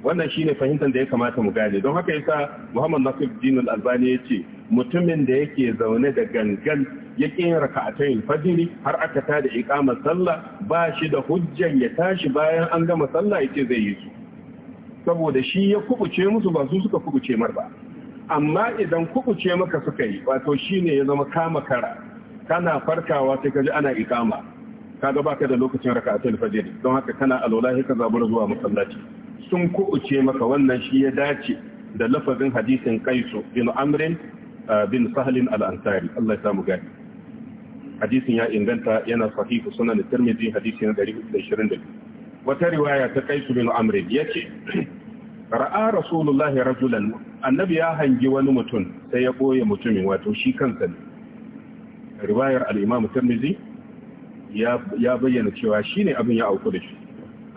wannan shi ne fahimtar da ya kamata mu gane don haka yasa Muhammad nasir Al-Albani ya ce mutumin da yake zaune da gangan ya yin raka'atayn fajiri har aka da iqamar sallah ba shi da hujjan ya tashi bayan an gama sallah ce zai yi su saboda shi ya kubuce musu ba su suka kubuce mar ba amma idan kubuce maka suka yi wato shi ne ya zama kama kara kana farkawa sai kaji ana iqama kaga baka da lokacin a fajiri don haka kana alwala ka zabar zuwa masallaci sun kuɓuce maka wannan shi ya dace da lafazin hadisin kaisu bin amrin uh, bin sahalin al'ansari Allah ya samu gani hadisin ya inganta yana sahihu sunan tirmidhi hadisi na 122 wata riwaya ta kaisu bin amrin yace ra'a rasulullahi rajulan annabi ya hangi wani mutum sai ya boye mutumin wato shi kansa ne riwayar al-imam tirmidhi ya bayyana cewa shine abin ya auku da shi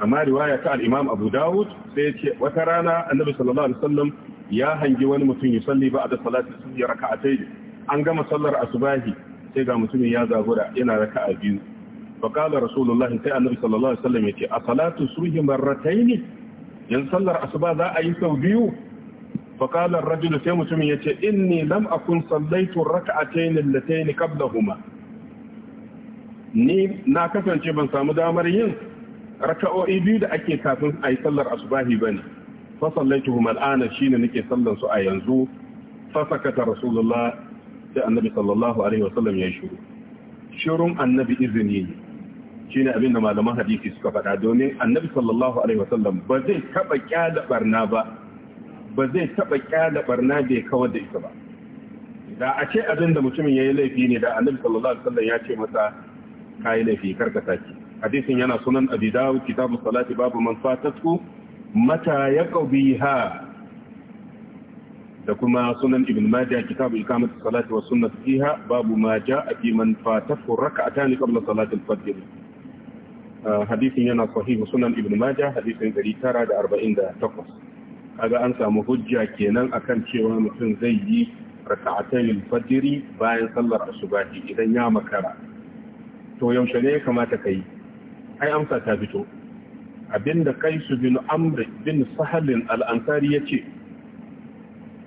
amma riwaya ta al-imam abu dawud sai yace wata rana annabi sallallahu alaihi wasallam ya hangi wani mutum ya salli ba da salati subhi raka'atai an gama sallar asubahi sai ga mutumin ya zagura yana raka'a biyu fa qala rasulullah sai annabi sallallahu alaihi wasallam ya ce a salatu subhi marratayn yan sallar asuba za a yi sau biyu fa qala ar-rajul sai mutumin ya ce inni lam akun sallaitu raka'atayn allatayn qablahuma ni na kasance ban samu damar yin raka'o'i biyu da ake kafin a yi sallar asubahi ba ne fa sallaituhum shi ne nake sallan su a yanzu fa sakata rasulullah sai annabi sallallahu alaihi wasallam ya yi shiru shirun annabi izini ne shine abin da malaman hadisi suka faɗa domin annabi sallallahu alaihi wasallam ba zai taba kyala ɓarna ba ba zai taɓa kyala barna da ya kawar da ita ba da a ce abinda mutumin ya yi laifi ne da annabi sallallahu alaihi wasallam ya ce masa ka yi laifi karka sake hadisin yana sunan abi dawud kitabu salati babu man fatatu mata yaqbiha da kuma sunan ibn majah kitabu iqamat salati wa sunnat fiha babu ma jaa fi man fatatu rak'atan qabla salati al-fajr ah, hadisin yana sahih sunan ibn majah hadisin 948 kaga an samu hujja kenan akan cewa mutum zai yi rak'atan al-fajr bayan sallar asubahi idan ya makara to yaushe ne ya kamata kai ai amsa ta fito abinda kaisu bin amr bin sahalin al-ansari yace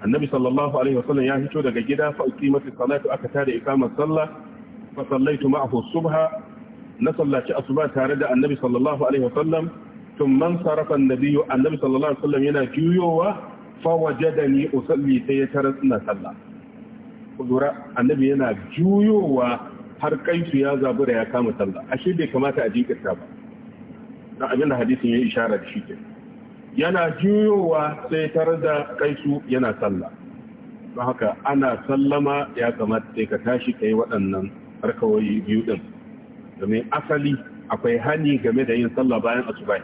annabi sallallahu alaihi wasallam ya fito daga gida fa uqimati salatu aka tare ikamar sallah fa sallaitu ma'ahu subha na sallaci asuba tare da annabi sallallahu alaihi wasallam thumma sarafa an-nabi annabi sallallahu alaihi wasallam yana juyowa fa wajadani usalli sai ya tarar ina sallah kudura annabi yana juyowa har kaisu ya zabu da ya kama sallah ashe bai kamata a jinkirta ba na abinda hadisin ya ishara da shi ke yana juyowa sai tar da kaisu yana sallah don haka ana sallama ya kamata sai ka tashi kai waɗannan harkawoyi biyu din domin asali akwai hani game da yin sallah bayan asubai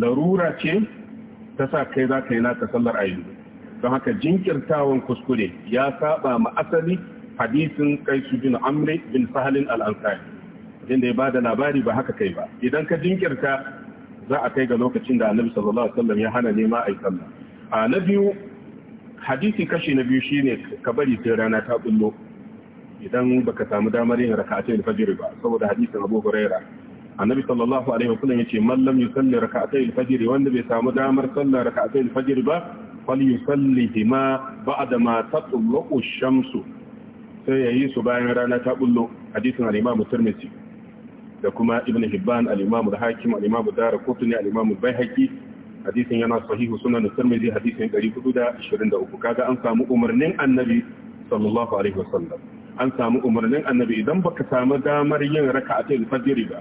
larura ce ta sa kai za ka yi naka sallar ayyuka don haka jinkirtawan kuskure ya saba ma asali hadisin kaisu bin amri bin fahalin al'ansari inda ya ba da labari ba haka kai ba idan ka jinkirta za a kai ga lokacin da annabi sallallahu alaihi wasallam ya hana nema a yi sallah a na biyu hadisi kashi na biyu shine ka bari sai rana ta bullo idan baka samu damar yin raka'atai fajr ba saboda hadisin Abu Huraira annabi sallallahu alaihi wasallam yace man lam yusalli raka'atai fajr wanda bai samu damar sallar raka'atai fajr ba falyusallihima ba'da ma tatluqu ash-shamsu sai ya yi su bayan rana ta bullo hadisin al'imamu turmisi da kuma ibn hibban al'imamu da hakim al'imamu dara kotuni al'imamu bai haƙi hadisin yana sahihu sunan turmisi hadisin 423 kaga an samu umarnin annabi sallallahu alaihi wasallam an samu umarnin annabi idan baka samu damar yin raka a ta fajiri ba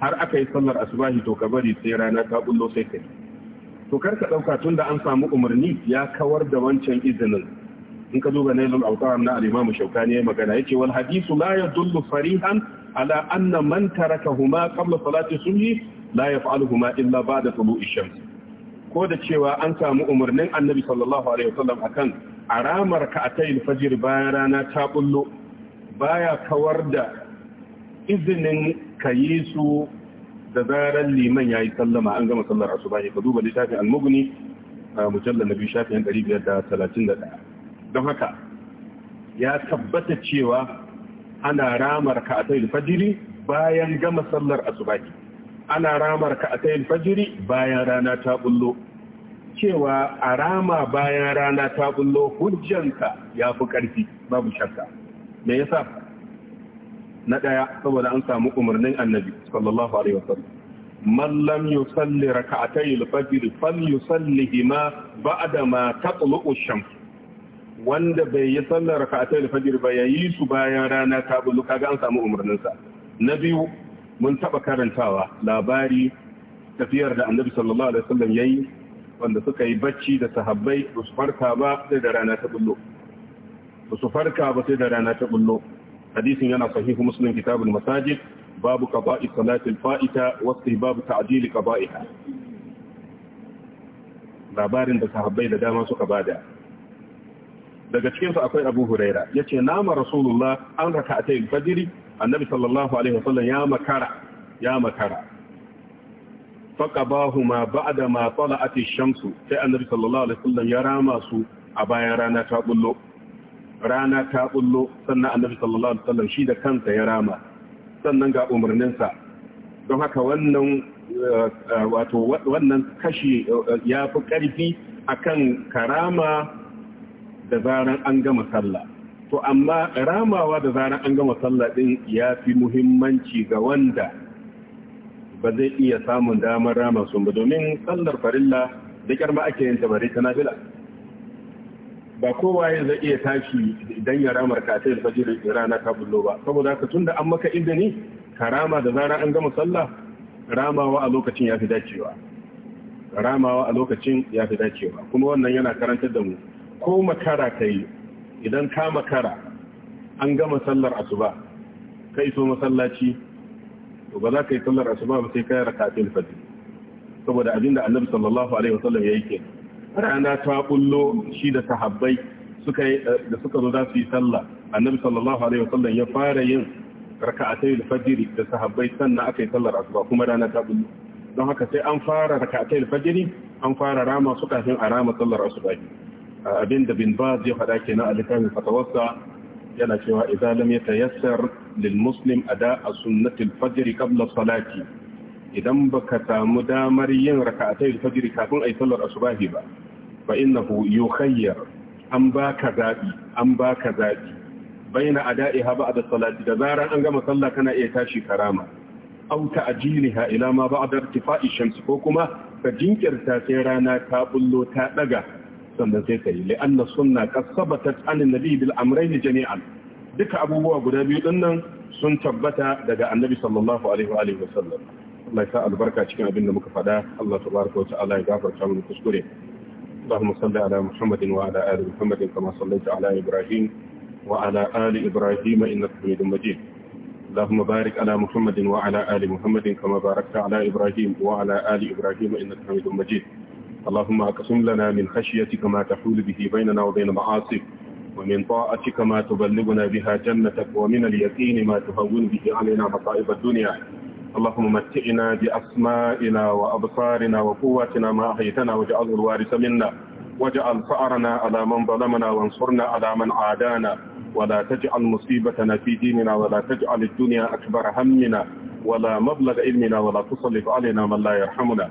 har aka yi sallar asubahi to ka bari sai rana ta bullo sai kai to karka dauka tunda an samu umarni ya kawar da wancan izinin in ka duba nailul autar na al-imam shaukani ya magana yace wal hadithu la yadullu farihan ala anna man tarakahuma qabla salati subhi la yaf'aluhuma illa ba'da tulu'i shams ko da cewa an samu umarnin annabi sallallahu alaihi wasallam akan aramar ka atayil fajr bayan rana ta bullo baya kawar da izinin kayi su da zarar liman yayi sallama an gama sallar asuba ka duba littafin al-mughni mujallal nabi shafi'in 531 don haka ya tabbata cewa ana ramar ka a fajiri bayan gama sallar asubaki. ana ramar ka a fajiri bayan rana ta bullo cewa a rama bayan rana ta bullo hujjanka ya fi ƙarfi babu shakka me yasa na ɗaya saboda an samu umarnin annabi sallallahu alaihi wasallam man lam yusalli raka'atay fajr falyusallihi ma ba'da ma tatlu'u ash-shams wanda bai yi sallar raka'atai fajir ba yayi su bayan rana ta bulu ga an samu umarnin sa na biyu mun taɓa karantawa labari tafiyar da annabi sallallahu alaihi wasallam yayi wanda suka yi bacci da sahabbai ba su farka ba sai da rana ta bullo ba su farka ba sai da rana ta bullo hadisin yana sahihu muslim kitabul masajid babu qada'i salatil fa'ita wa babu ta'dil qada'iha labarin da sahabbai da dama suka bada daga cikinsu akwai abu huraira ya ce nama rasulullah an raka a ta fajiri annabi sallallahu alaihi wasallam ya makara ya makara faƙabahu ma da ma ake shamsu sai annabi sallallahu alaihi wasallam ya rama su a bayan rana ta bullo rana ta bullo sannan annabi sallallahu alaihi wasallam shi da kansa ya rama sannan ga umarninsa don haka wannan eh, wato wannan kashi eh, ya fi ƙarfi akan karama da zaran an gama sallah to amma ramawa da zaran an gama sallah din ya fi muhimmanci ga wanda ba zai iya samun damar rama sun ba domin sallar farilla da kyar ma ake yin tabari ta nafila ba kowa ya zai iya tashi idan ya ramar kafin fajir rana ta bullo ba saboda haka tunda an maka inda ne ka da zaran an gama sallah ramawa a lokacin ya fi dacewa ramawa a lokacin ya fi dacewa kuma wannan yana karantar da mu ko makara ka yi idan ka makara an gama sallar asuba ka iso masallaci to ba za ka yi sallar asuba ba sai ka yi rakatun fajr saboda abinda annabi sallallahu alaihi wasallam yayi ke rana ta bullo shi da sahabbai suka da suka zo za su yi sallah annabi sallallahu alaihi wasallam ya fara yin raka'atayil fajr da sahabbai sannan aka yi sallar asuba kuma rana ta bullo don haka sai an fara raka'atayil fajr an fara rama su kafin a rama sallar asuba abin da bin Ba ya faɗa kenan a littafin fatawarsa yana cewa idza ya yatayassar lil muslim ada sunnatil fajr qabla salati idan baka samu damar yin raka'atai fajiri kafin a yi sallar asubahi ba fa innahu yukhayyar an baka zabi an baka zabi baina a ba'da salati da zaran an gama sallah kana iya tashi karama aw ta'jiliha ila ma ba'da irtifa'i shamsi ko kuma ka jinkirta sai rana ta bullo ta ɗaga? sannan sai ka yi la'anna sunna qad sabatat na annabi bil amrayn jami'an duka abubuwa guda biyu nan sun tabbata daga annabi sallallahu alaihi wa alihi Allah ya sa albarka cikin abin da muka faɗa Allah tabaraka wa ta'ala ya gafarta mu kuskure اللهم صل على محمد وعلى آل محمد كما صليت على إبراهيم وعلى آل إبراهيم إنك حميد مجيد اللهم بارك على محمد وعلى آل محمد كما باركت على إبراهيم وعلى آل إبراهيم إنك حميد مجيد اللهم اقسم لنا من خشيتك ما تحول به بيننا وبين معاصيك ومن طاعتك ما تبلغنا بها جنتك ومن اليقين ما تهون به علينا مصائب الدنيا اللهم متئنا بأسمائنا وأبصارنا وقواتنا ما أحيتنا واجعله الوارث منا واجعل فأرنا على من ظلمنا وانصرنا على من عادانا ولا تجعل مصيبتنا في ديننا ولا تجعل الدنيا أكبر همنا ولا مبلغ علمنا ولا تصلف علينا من لا يرحمنا